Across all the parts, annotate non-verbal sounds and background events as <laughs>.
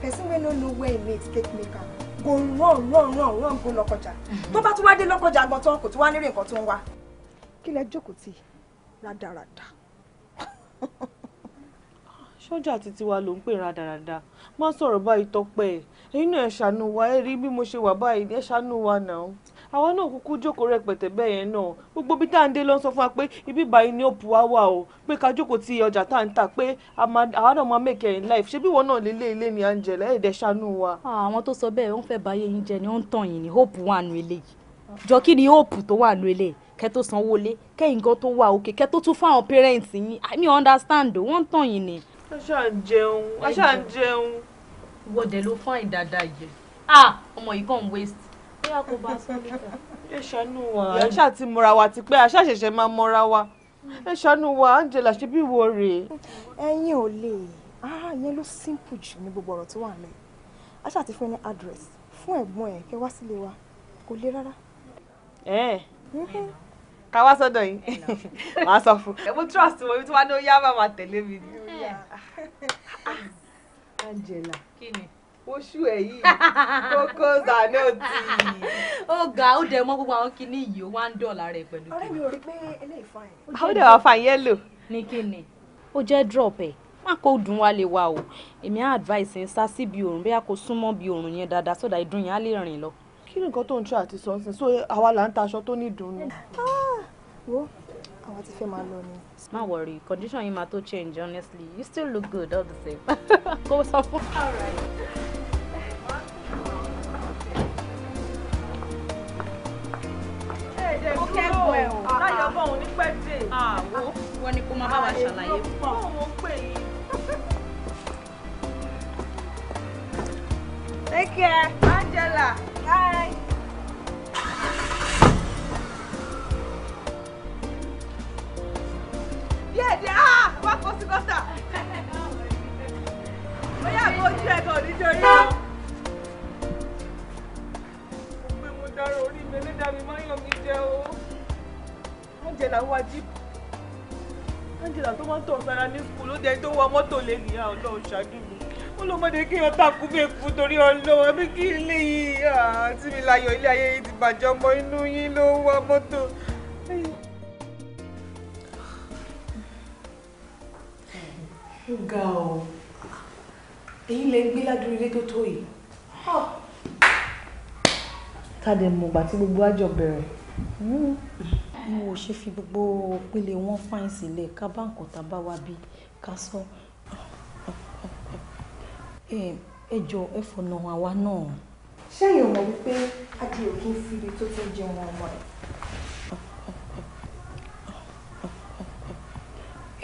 person wey no know where e mate take make am go run run run run go lọ́kọjà mhm. tó bá tún wá dé lọ́kọjà gan tán kò tún wá nírè nǹkan tó ń wá. kí lẹ jókòó tì rádaràda. sọ́jà <laughs> títí wa ló ń pè rádaràda má sọ̀rọ̀ báyìí tọ́pẹ́ ẹ̀yin náà ẹ ṣàánú wa ẹ rí bí mo ṣe wà báyìí ẹ ṣàánú wa náà àwọn náà kúkú jókòó rẹpẹtẹ bẹ́ẹ̀ yẹn náà gbogbo bí tá à ń dé lọ sọ fún wa pé ibi báyìí ni òpù wa wà o pé ká jókòó ti ọjà tá à ń tà pé àwa náà máa make in life ṣé bí wọn náà lè lé ilé ni Angela ẹ̀ẹ́dẹ̀ ṣàánú wa. Ah, àwọn tó sọ bẹ́ẹ̀ wọ́n fẹ́ báyé yín jẹ ni ó ń tàn yín ni hope wà nù eléyìí jọ kí ni hope tó wà nù eléyìí kẹ tó sanwó lé kẹyìn gan tó wà òkè kẹ tó tún fáwọn parents yín ah, mi understand o wọ́n ń tàn yín ni. a ṣáà ń jẹun a ṣáà ń jẹun. ìwọ́dẹ̀ ló fún àìdáadáa yìí ah ọmọ yìí kàn ń waste bóyá kò bá sọ níta ẹ ṣàánú wa ẹ ṣáà mọra wa ti pẹ́ àṣà ṣẹ̀ṣẹ̀ máa mọra wa ẹ ṣàánú wa Angela ṣe bí wo rèé. ẹ̀yin ò lè ah yẹn ló simple jù ní gbogbo ọ̀rọ̀ tó wà lẹ́yìn àṣà ti fún ẹ ní address fún ẹ̀gbọ́n ẹ̀ kẹ́ wá sílé wa kò le rárá. ẹ ẹ mhm. ká wá sọ́dọ̀ yìí <laughs> màá sọ fún. mo trust mo ibi tí wàá ní ó yá bàbá tẹ̀lé mi. Ah. Angela kí ni oṣù ẹ yìí kókó zanoti. <laughs> ó ga ó dẹ mọ gbogbo àwọn kinní yìí ó wá ń dọ̀la rẹ̀ pẹ̀lú. ọ̀rẹ́ mi ò rí pé eléyìí fine. àwọn ọ̀dọ̀ wà fine yẹ́lò. ní kíni. ó jẹ́ drop ẹ̀ má kó dùn wá lè wa o èmi á advice ń sá síbi òòrùn bí a kò súnmọ́ bí òòrùn yẹn dáadáa sódà ìdùn yẹn á lè rìn lọ. kí ni nǹkan tó ń tún àti sọ ọ́sìn so àwa là ń taṣọ tó ní ìdùnnú. Ah, wo àwa ti fẹ́ máa lọ ni. má worry condition yìí máa tó change honestly you still look good all the same. <laughs> kó sọ fún. all right. ó ah, ah, Take care. Angela. Bye. díẹ̀ díẹ̀ áá wá kó sí gọ́tà. bóyá àgbo ojú ẹ̀gàn nítorí náà. ọ̀daràn orí mi ẹlẹ́dà mi má yàn mí jẹ o. Angela wá jí. Angela tó máa ń tọ̀ sára ní sùkúl ló dẹ tó wọ mọ́tò lé nìyá ọlọ́run ṣáájú mi. Ó ló mọ̀dé kí wọ́n takú bẹ́ẹ̀ kú torí ọlọ́run ẹbí kí ilé yìí àti mi láyọ̀ ilé ayé yìí ti bàjẹ́ ọmọ inú yín ló wọ mọ́tò. Ó ga ọ́, èyí lè gbé ládùúgbò tó tó yìí ká lè mọ̀ ìgbà tí gbogbo àjọ bẹ̀rẹ̀. Hmm. mo ò ṣe fi gbogbo pele wọn fáìn sílẹ̀ ká bá nǹkan tá a bá wá bí ká sọ ẹ jọ ẹ fọ̀nà àwa náà. ṣẹ́yìn mọ̀ wípé adìẹ ò kí ń fi ibi tó tó jẹun ọmọ ẹ̀.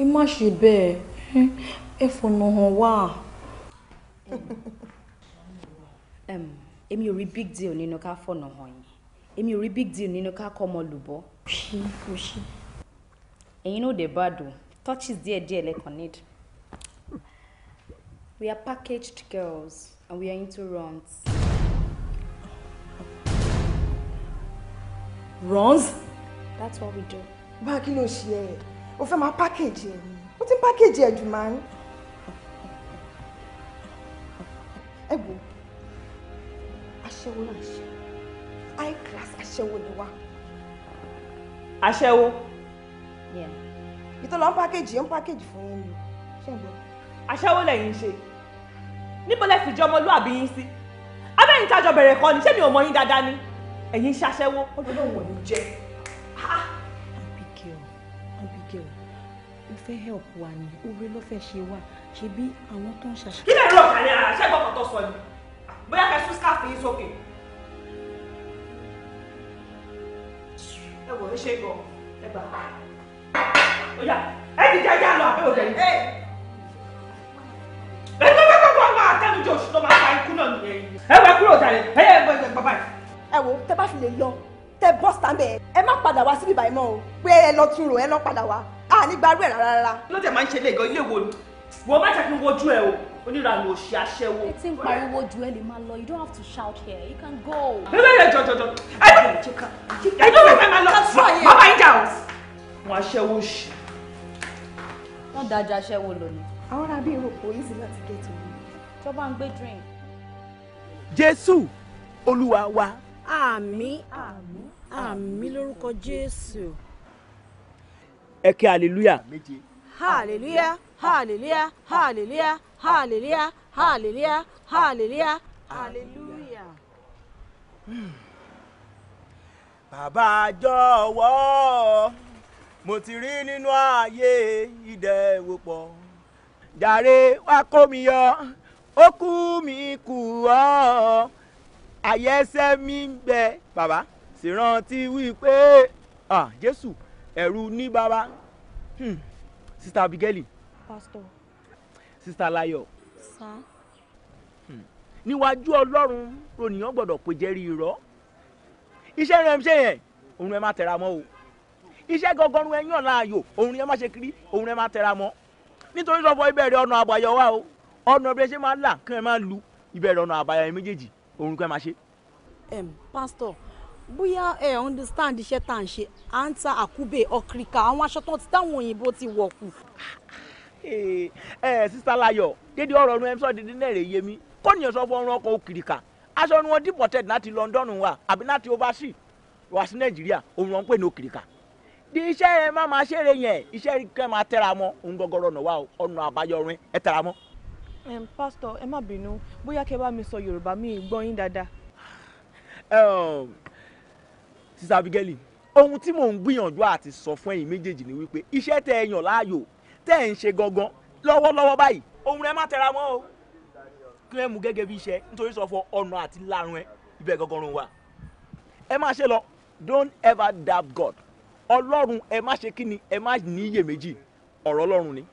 ẹ má ṣe bẹ́ẹ̀ ẹ fọ̀nà hàn èmi ò rí big deal nínú ká fọ̀nà hàn yín èmi ò rí big deal nínú ká kọ́ ọmọ lùbọ́. ṣí o ṣí. ẹ̀yin náà dé bad o touches díẹ̀ díẹ̀ lẹ́kàn need. we are packaged girls and we are into runs. runs. that's what we do. bá a kí ló ṣe ẹ o fẹ́ máa package ẹ o ti package ẹ jù máa ń. ẹ wò ó aṣẹ́wó là ń ṣe high class aṣẹ́wó ni wá. aṣẹ́wó. ìtọ́lọ́ ń pákéjì ń pákéjì fún yín ni ṣé ń gbọ́. aṣẹ́wó lẹ́yìn ṣe níbo lẹ fi jọ ọmọlúàbí yín sí abẹ́yìn tájọ bẹ̀rẹ̀ kọ́ ni ṣé mi ò mọ yín dáadáa ni ẹ̀yin ṣaṣẹ́wó. ọlọ́run ò ní jẹ́. Abigail Abigail ó fẹ́ help wa ni oore ló fẹ́ ṣe wá ṣebí àwọn tó ń ṣaṣẹ́. kí lè rọ̀ kàlẹ́ ara ṣẹ́gbọ́n kan tó sọ ni bóyá kẹ́ sún scarf yín sókè. ẹ wò ó ṣe é gan ẹ gbà ó yá de ti jẹ́ yá lọ àbẹ́ òde yìí. ẹ gbọ́ gbọ́ gbọ́ gbọ́ àtẹnujọ oṣù tó máa fa ikú náà nìyẹn yìí. ẹ wá kúrò jàre ẹ yẹ ẹ gbọ́ ẹ gbọ́ báyìí. ẹ wo tẹ bá fi lè lọ tẹ bọ́ sáńbẹ̀ ẹ má padà wá síbí báyìí mọ́ o pé ẹ lọ tún rò ẹ lọ padà wá a ní gbarú ẹ rárá. ló tẹ̀ máa ń ṣe ilé ìgò ilé wo ni wọ́n má jẹ́ kí n wojú ẹ o onírànú òṣì aṣẹ́wó. etí ń pariwo ju ẹ lè máa lọ you don't have to shout here you can go. bẹ́ẹ̀ jọjọjọ ẹ ẹ ẹjọ́ mi fẹ́ máa lọ bàbá yín jà o. wọn aṣẹ́wó ṣì. wọ́n dájọ́ aṣẹ́wó lọ ni. àwọn ará bí èrò kò easy láti get away. ìjọba ń gbé drink. jésù olúwa wa. àmín àmín àmín lórúkọ jésù. ẹ kí hallelujah. hallelujah hallelujah hallelujah hallelujah, hallelujah, hallelujah, hallelujah. Bàbá jọ̀wọ́, mo ti rí nínú ààyè ìdẹ̀wòpọ̀. Jàre wá kó mi yọ, ó kú mi kù ọ́. Àyẹ́sẹ́ mi ń bẹ bàbá sì rántí wípé Jésù ẹ̀rù ní bàbá. Hmm, Sister Abigail. Pastor sista layo, hmm. níwájú Ọlọ́run rònìyàn gbọ́dọ̀ pé jẹ́rìí irọ́ iṣẹ́ rẹ̀ ń ṣe yẹn òun rẹ̀ má tẹra mọ́ o iṣẹ́ gọgọrun ẹ̀yìn ọ̀la ayò òun rẹ̀ má ṣe kiri òun rẹ̀ má tẹra mọ́ nítorí sọ́fọ́ ìbẹ̀rẹ̀ ọ̀nà àbáyọ wa o ọ̀nà ìbẹ̀rẹ̀ ṣe máa ń là kí ẹ máa lu ìbẹ̀rẹ̀ ọ̀nà àbáyọ ẹ méjèèjì òun kẹ́ máa ṣe. pásítọ̀ bóyá ẹ understand iṣẹ́ tá à ń ṣe à ń ta àkúbè ọ̀kìrìkà àwọn aṣọ tó ti táwọn òyìnbó ti wọ̀ kù ẹ sísá layọ dédé ọ̀rọ̀ ọ̀run ẹmísọ dídí náà rè yé mi kó nìyẹn sọ fún ọrùn ọkọ òkìrìkà aṣọ ni wọn deported láti London wa àbí láti overseas wá sí Nàìjíríà òun ló ń pè ní òkìrìkà di iṣẹ́ ẹ má máa ṣeré yẹn iṣẹ́ kẹ́ máa tẹ́ra mọ́ òun gọ́gọ́rọ́ ọ̀nà wa ọ̀nà àbáyọ ọ̀run ẹ tẹ́ra mọ́. pásítọ̀ ẹ má bínú bóyá kẹ́ bá mi sọ Yorùbá mi gbọ́ yín dáadáa. Ehm, sísá Abigail ohun tí mò ń gbìyànjú àti sọ fún ẹ̀yin méjèèjì ni wípé iṣẹ́ tẹ́ ẹ yàn láàyò tẹ́ ẹ̀ ń ṣe gangan lọ́wọ́lọ́wọ́ báyìí ohun rẹ má tẹra mọ́ o kí ẹ mú gẹ́gẹ́ bí iṣẹ́ nítorí sọ fọ ọ̀nà àti larun ẹ ibẹ̀ gangan ló ń ẹ má ṣe lọ don't ever doubt God ọlọ́run ẹ má ṣe kíni ẹ má ní iyèméjì ọ̀rọ̀ ọlọ́run ni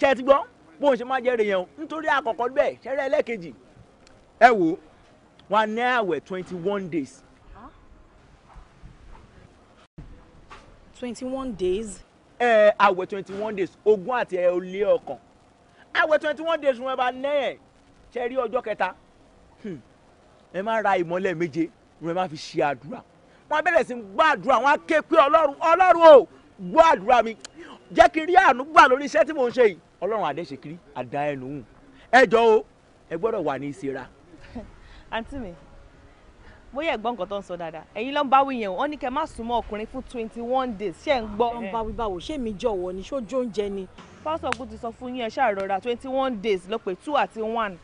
ṣe ti gbọ́ bóun ṣe má jẹ́ rèé yẹn o nítorí àkọ́kọ́ bẹ́ẹ̀ ṣẹ́rẹ́ ẹlẹ́ẹ̀kejì ẹ wò ó wọn twenty one days. twenty one days àwẹ̀ twenty one days ogún àti olè ọkàn àwẹ̀ twenty one days wọn bá ná ẹ̀ ṣe rí ọjọ́ kẹta hmm. ẹ máa ra ìmọ́lẹ̀ méje wọn máa fi ṣe àdúrà wọn bẹ̀rẹ̀ sí gbàdúrà wọn á ké pé ọlọ́run ọlọ́run o gbọ́ àdúrà mi jẹ́ kí n rí àánú gbà lórí iṣẹ́ tí mò ń ṣe yìí ọlọ́run àdẹ́sẹ̀kiri àdá ẹnu hùn o ẹ gbọ́dọ̀ wà ní ìsira. àǹtí mi bóyá ẹ̀gbọ́n nǹkan tó ń sọ dáadáa ẹ̀yin ló ń bá wí yẹn o wọ́n ní kẹ́ má súnmọ́ ọkùnrin fún twenty one days ṣé ẹ̀ ń gbọ́. ọ̀n bá wí báwo ṣé mi jọ̀wọ́ ni ṣó jó oúnjẹ ni. pásítọ̀ kù ti sọ fún yín ẹ ṣáà twenty one days ló pé two àti one.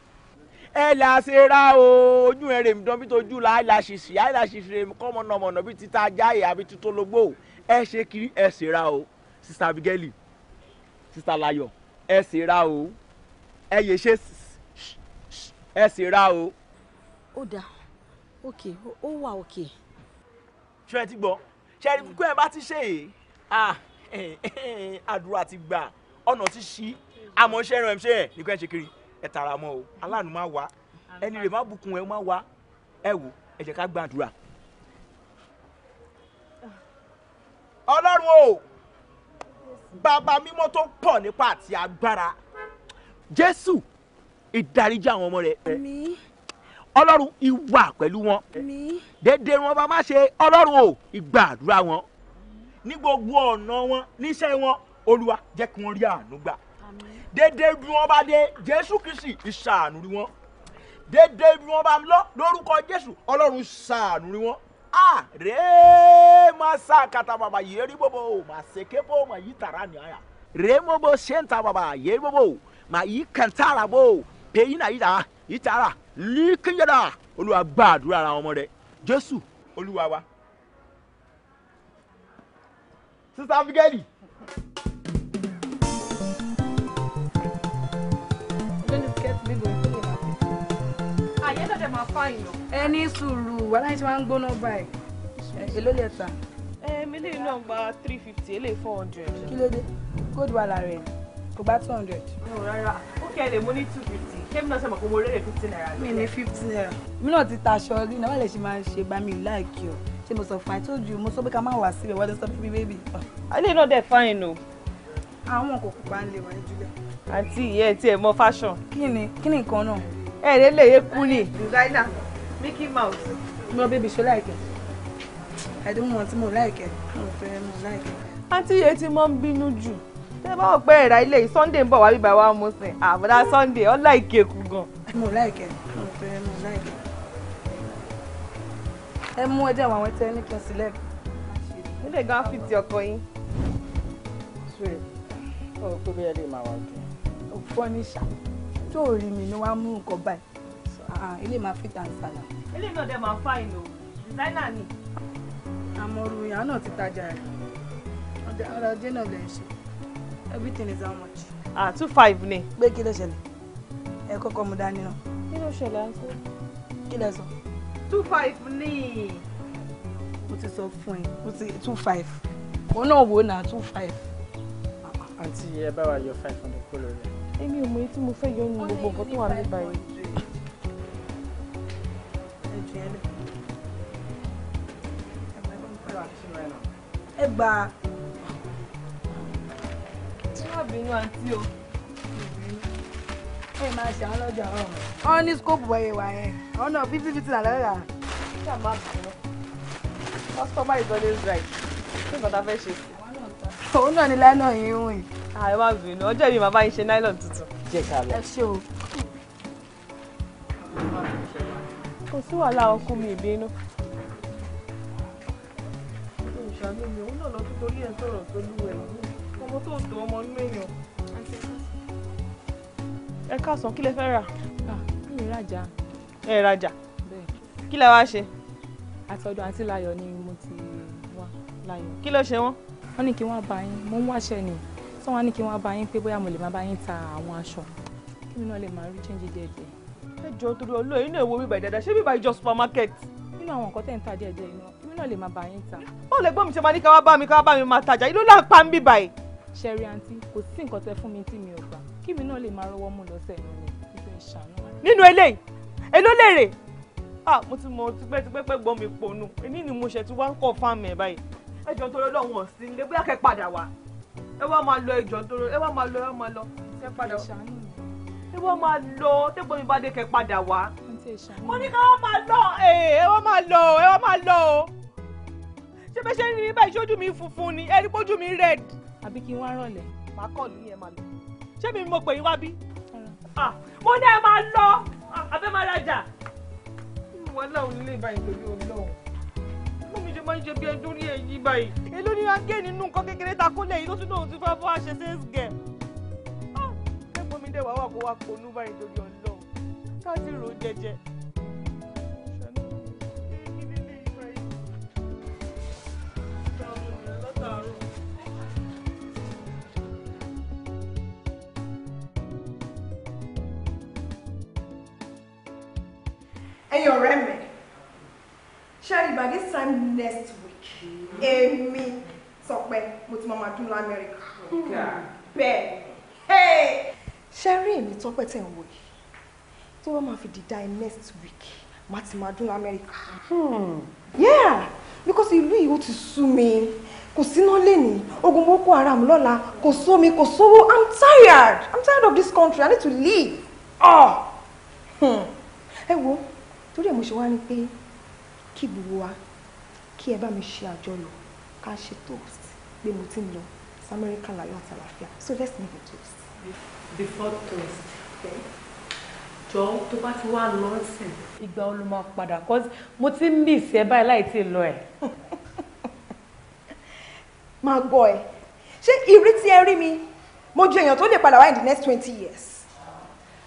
ẹ là ṣe ra o ojú ẹ rèmi dán bí tojú la ẹ là ṣì ṣì ẹ là ṣì ṣì rèmi kọ́ mọ̀nàmọ̀nà bí títa jáyè àbí títólógbò ẹ ṣe kiri ẹ ṣe ra o sista Abigail sista Layo ẹ ṣe ra o ẹ yẹ ṣe ẹ ṣe ra o. ó òkè ó wà òkè. ṣé ẹ ti gbọ́ ṣé ẹ kó ẹ bá ti ṣe é àdúrà ti gbà ọ̀nà ti ṣí àmọ́ ṣe ẹran ṣe ẹ̀ nìkan ẹ̀ ṣe kiri ẹ̀ tààrà mọ́ o aláàánú máa wá ẹni rẹ̀ má bùkún ẹ̀ má wá ẹ̀ wò ẹ̀ jẹ́ ká gbàdúrà. ọlọ́run o bàbá mímọ́ tó pọ̀ nípa àti agbára jésù ìdáríjì àwọn ọmọ rẹ̀ ọlọ́run ìwà pẹ̀lú wọn dédé wọn bá má ṣe ọlọ́run o ìgbàdúrà wọn ní gbogbo ọ̀nà wọn níṣẹ́ wọn olúwa jẹ́ kí wọ́n rí àánú gbà dédé bí wọ́n bá dé jésù kìsì ìṣàánú rí wọn dédé bí wọ́n bá lọ lórúkọ jésù ọlọ́run ṣàánú rí wọn a rèé máa sá kàtà bàbà yìí rí bòbò máa ṣe kébò máa yí tàrà ní àyà rèé mọ́ bó ń ta bàbà yìí rí bòbò máa yí kàntàrà bò pé yín náà yí tàrà líkìnyàdà olúwa gba àdúrà ara ọmọ rẹ jésù olúwa wa. sísá abigaili. ẹni sùúrù wàhálà tí wọn ń gbóná báyìí èló lè ta. ẹ̀ẹ́mi lè náà gba three fifty eléyìí four hundred. kí ló dé kóòdù wà lára ẹ̀ kò bá two hundred. rárá kẹlẹ mo ní two fifty kébì náà ṣe mọ̀ pé mo fifty naira mi fifty naira. mi náà ti taṣọ rí náà wọ́n lè ṣe máa ń ṣe bá mi láìkí o ṣé mo sọ fún i told you mo sọ pé ká má wá síbẹ̀ wọ́n tó sọ bíbí bébì. alẹ́ náà dẹ̀ fáìn o. àwọn kò kópa ń lè wá jùlẹ̀. àǹtí ìyá ẹ̀ tí ẹ̀ mọ fashion. kí ni kí ni nǹkan náà. ẹ̀ ẹ̀ lè yé kú ni. designer Mickey Mouse. mo bèbí ṣe láìkẹ́. I don't want mo láìkẹ́ mo fẹ́ mo láìkẹ́. àǹtí ìyá ẹ̀ ti máa ń bínú jù ṣé báwo pé ẹ̀rà ilé yìí sunday ń bọ̀ wá bíbá wa mú sin àbúrá sunday ó láìkí eku gan. mo láìkẹ́ mo fẹ́ mo láìkẹ́ ẹ mú ẹjẹ àwọn ẹtẹ ní kí n sílẹ̀. nílẹ̀ gan fi ti ọkọ yín. ṣùgbọ́n ó kó bí ẹ lè máa wà òkè. òfò ní ṣá tó ò rí mi ni wàá mú nǹkan báyìí ilé máa fi tà ń sàlà. ilé náà dẹ̀ máa fà ìlò designer ni. àmọ́ ìyá náà ti tajà rẹ̀ ọjà ọjà náà lè ṣe everything is how much. ah two five ne. pé kí ló ṣẹlẹ̀ ẹ kọ́kọ́ mu dání náà. kí ló ṣẹlẹ̀ àǹtí. kí lẹ sọ. two five ni. mo ti sọ fún ẹ mo ti two five òun náà wò ó two five. àǹtí ẹ bá wa yọ five hundred kúrò rẹ. èmi ò mọ èyí tí mo fẹ́ yọ nínú gbogbo nǹkan tó wà ní báyìí. ẹ gba má bínú àǹtí o. ẹ máa ṣe àwọn ọlọ́jà ọ̀hún. wọ́n ní skóòpù ẹ̀yẹ̀ wà yẹn àwọn náà fífi fífi nà lọ́yà. ṣé àmọ́ àbúrò customer is always right ṣé nǹkan tá a fẹ́ ṣe sí. òun náà ni nylon yìí ń rìn. ẹ má bínú ọjọ́ yìí màá bá yín ṣe nylon tuntun. jẹ́ ká lọ. ẹ ṣe o. kò sí wàhálà ọkùn mi ìbínú. ìṣàlùmí òun náà lọ sí torí ẹ̀ sọ̀rọ̀ tó lúwẹ̀ẹ́ owó tó ń dùn ọmọ inú èèyàn. ẹ káàsán kí lẹ fẹ́ rà. mi ì rajà. ẹ rajà kí lẹ wá ṣe. àtọ̀dọ̀ àǹtí Láyọ̀ ni mo ti wá Láyọ̀. kí ló ṣe wọ́n. wọ́n ní kí wọ́n bá yín mo ń wáṣẹ́ ni tí wọ́n ní kí wọ́n bá yín pé bóyá mo lè máa bá yín ta àwọn aṣọ kí mi náà lè máa rí chẹ́ńjì díẹ̀díẹ̀. ẹ jọ torí olóyè inú èwo bíbá ìdàdà ṣé bíbá ìjọ supermarket. nínú àwọn nǹkan tẹ̀ ń ta díẹ̀díẹ̀ iná èmi náà lè máa bá yín ta. báwo lè mi ṣe máa ní ká bá mi ká bá mi máa tajà ìlú là ń bíbá yìí ṣẹ́rí àǹtí kò sí nǹkan tẹ fún mi tí mi ò gbà kí mi náà lè máa rọwọ́ mú lọ́sẹ̀ mi ni ìfẹ́ ìṣàánú. nínú eléyìí èló lèrè ah mo ti mọ tipẹ́tipẹ́ pẹ́ gbọ́ mi pònú èmi ni mo ṣe ti wá ń kọ́ fáàmì ẹ̀ báyìí. ẹ jọ nítorí Ọlọ́run ọ̀sìn ilé bóyá kẹ́ padà wá ẹ wá máa lọ ìjọ nítorí ẹ wá máa lọ ẹ máa lọ kẹ padà wá ẹ wá máa lọ tẹ́gbọ́n mi bá dé kẹ́ padà wá. mo ní ká wá máa lọ ẹ wá máa lọ ẹ wá máa lọ ṣé bẹ́ẹ̀ ṣe ń rí báyìí ṣojú mi funfun ni ẹ rí pójú mi rẹ́ẹ̀dì àbí kí n wá rọ̀lẹ́. màá kọ̀ ní ẹ máa lọ. ṣé mi mo pè yín wá bí. mo ní ẹ máa lọ abẹ́ máa rajà. ìwọ láwọn ilé ìbáyìí lórí ọlọ́run mú mi ṣe máa ń ṣe bí ẹjọ́ rí ẹ̀yìn báyìí. èló ni wọ́n gé nínú nǹkan kékeré ta kó lẹ́yìn lóṣù náà ti fẹ́ bọ́ àṣẹ sales girl. ẹ̀gbọ́n mi dẹ̀ wá wà kó wá ponú báyìí lórí ọlọ́run ká ti rò ó And your mi ṣẹ́rí by this time next week èmi Tọ́pẹ́ mo ti máa dún lamẹ́ríkà bẹ́ẹ̀ ṣẹ́rí èmi Tọ́pẹ́ tẹ̀ ń wò yìí tó wọ́n máa fi next week màá ti America. Hmm. yeah because ìlú yìí ó to sú mi kò síná lẹ́ni ogun boko haram lọ́la i'm tired i'm tired of this country i need to leave. Oh. Hmm. ẹ wo torí ẹ̀ mo ṣe wá ní pé kí gbogbo wa kí ẹ bá mi ṣe àjọyọ̀ ká ṣe toast pé mo ti ń lọ sí amẹ́ríkà láyọ̀ àti àlàáfíà so let's make a toast. before toast jọ tó bá ti wá lọ sí ìgbà wo ló máa padà cause mo ti ń mí ìsẹ́ báyìí láì tí ì lọ ẹ̀. <laughs> máa gbọ́ ẹ ṣé ìrètí ẹ rí mi mo ju èèyàn tó lè padà wá in the next twenty years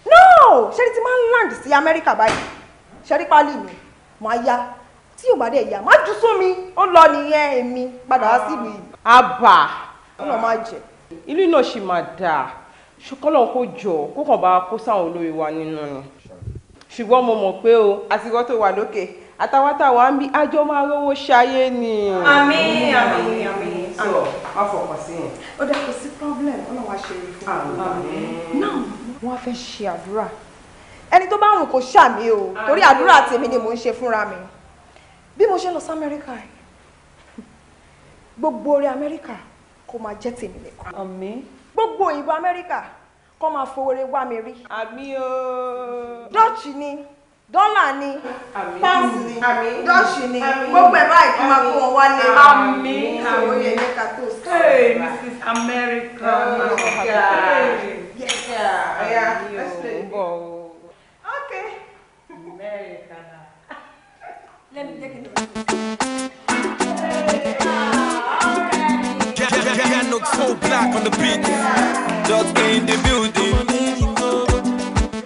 no ṣé ti máa ń land sí amẹ́ríkà báyìí ṣẹ́rí pálí mi máa yá tí yóò bá dẹ̀ yá má jù sómi ó lọ nìyẹn èmi padà wá sílùú yìí. àbà ọlọ́ máa jẹ. ìlú náà ṣì máa dà ṣùkọ́lọ̀ kó jọ kó kàn bá kó sáwọn olórí wa nínú ni ṣùgbọ́n mo mọ̀ pé o àsìkò tó wà lókè àtàwátàwá ń bí àjọ máa rówó ṣayé ni. àmín àmín àmín sọ má fọkàn sí yẹn. ó dà sí problem ọlọ́wà ṣe é fún mi. now wọ́n fẹ́ ṣe àdúrà ẹni tó bá wù kó ṣàmì o torí àdúrà tèmi ni mò ń ṣe fúnra mi bí mo ṣe lọ sí amẹ́ríkà gbogbo orí amẹ́ríkà kó máa jẹ́ tèmi nìkan gbogbo ìbò amẹ́ríkà kó máa fowóre wá mi rí. àmì o. dọ́ọ̀chì ni dọ́là ni pound ni dọ́ọ̀chì ni gbogbo ẹ̀ báyìí kó máa kó wọn wálé. àmì àmì òye ní kàtó sí. hey mrs america. Yeah. Yeah. Yeah. Yeah. Yeah. Yeah. Yeah. Yeah. Yeah lejana. Let me take it. Look black on the beat. Just in the building.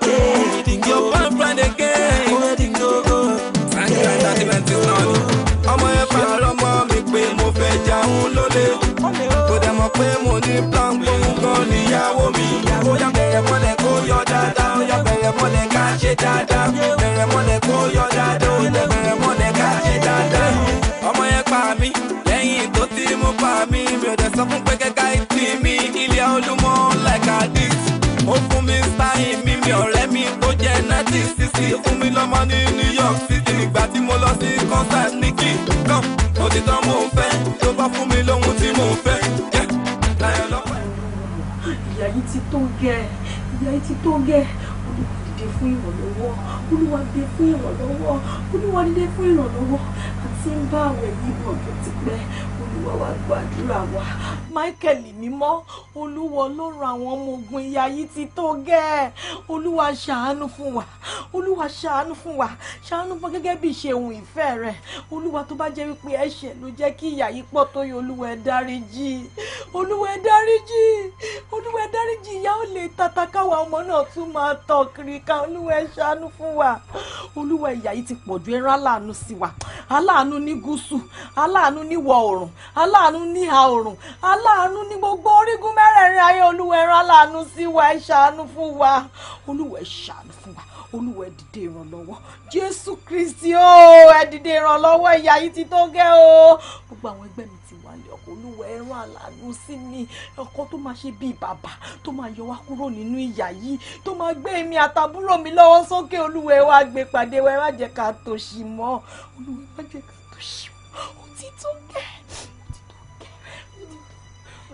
Hey, your bump right again. Thank you, I'm not even too long. I'm kó dẹ̀ mọ̀ pé mo ní plan pé nǹkan níyàwó mi ó yá bẹ̀rẹ̀ mọ́lẹ̀ kó yọ dáadáa ó yá bẹ̀rẹ̀ mọ́lẹ̀ ká ṣe dáadáa bẹ̀rẹ̀ mọ́lẹ̀ kó yọ dáadáa ó yá bẹ̀rẹ̀ mọ́lẹ̀ ká ṣe dáadáa ọmọ yẹn pa mí lẹ́yìn tó ti mú pa mí mi ò dẹ̀ sọ fún pé kẹ́kẹ́ ìtì mi ilé olúmọ like I ó fún mi sáyìn mímí ọ̀rẹ́ mi tó jẹ́ 1960 fún mi lọ́mọ ní New York City ìgbà tí mo lọ sí concert ní kí kan mo ti tán mo ń fẹ́ tó bá fún mi lóhun tí mo fẹ́ jẹ́ láyọ̀ lọ́pẹ́. ìyá yìí ti tó gẹ́ ìyá yìí ti tó gẹ́ olùwàdìdè fún ìrànlọ́wọ́ olùwàdìdè fún ìrànlọ́wọ́ olùwàdìdè fún ìrànlọ́wọ́ àti ń bá àwẹ̀ yìí bọ̀ ti pẹ́ olúwa wa gbàdúrà wa michael mímọ́ olúwa ọlọ́run àwọn ọmọ ogun ìyá yìí ti tó gẹ́ olúwa ṣàánú fún wa olúwa ṣàánú fún wa ṣàánú fún gẹ́gẹ́ bí ìṣeun ìfẹ́ rẹ olúwa tó bá jẹ́ wípé ẹ̀ṣẹ̀ ló jẹ́ kí ìyá yìí pọ̀ tó yẹ olúwa ẹ dáríjì olúwa ẹ dáríjì olúwa ẹ dáríjì ìyá ò lè tata káwa ọmọ náà tún máa tọ̀ kiri ká olúwa ẹ ṣàánú fún wa olúwa ìyá yìí ti pọ̀jù ẹran aláàánú sí wa aláàánú ní gúúsù aláàánú ní ìwọ̀ aláàánú ní ìhà oòrùn aláàánú ní gbogbo orígun mẹ́rẹ̀ẹ̀rin ayé olúwa ẹran aláàánú sí wa ẹ ṣàánú fún wa olúwa ṣàánú fún wa olúwa dìde ìrànlọ́wọ́ jésù kristi ó ẹ dìde ìrànlọ́wọ́ ìyà yìí ti tó gẹ́ o gbogbo àwọn ẹgbẹ́ mi ti wà ní ọkọ̀ olúwa ẹran aláàánú sí mi ọkọ tó máa ṣe bíi bàbá tó máa yọ wá kúrò nínú ìyà yìí tó máa gbé èmi àtàbúrò mi lọ́wọ́ sókè olúwa wá gbé pàdé wa ẹ má jẹ́ ká mọ́ olúwa ẹ má jẹ́ ká mọ́ ó ti tó gẹ́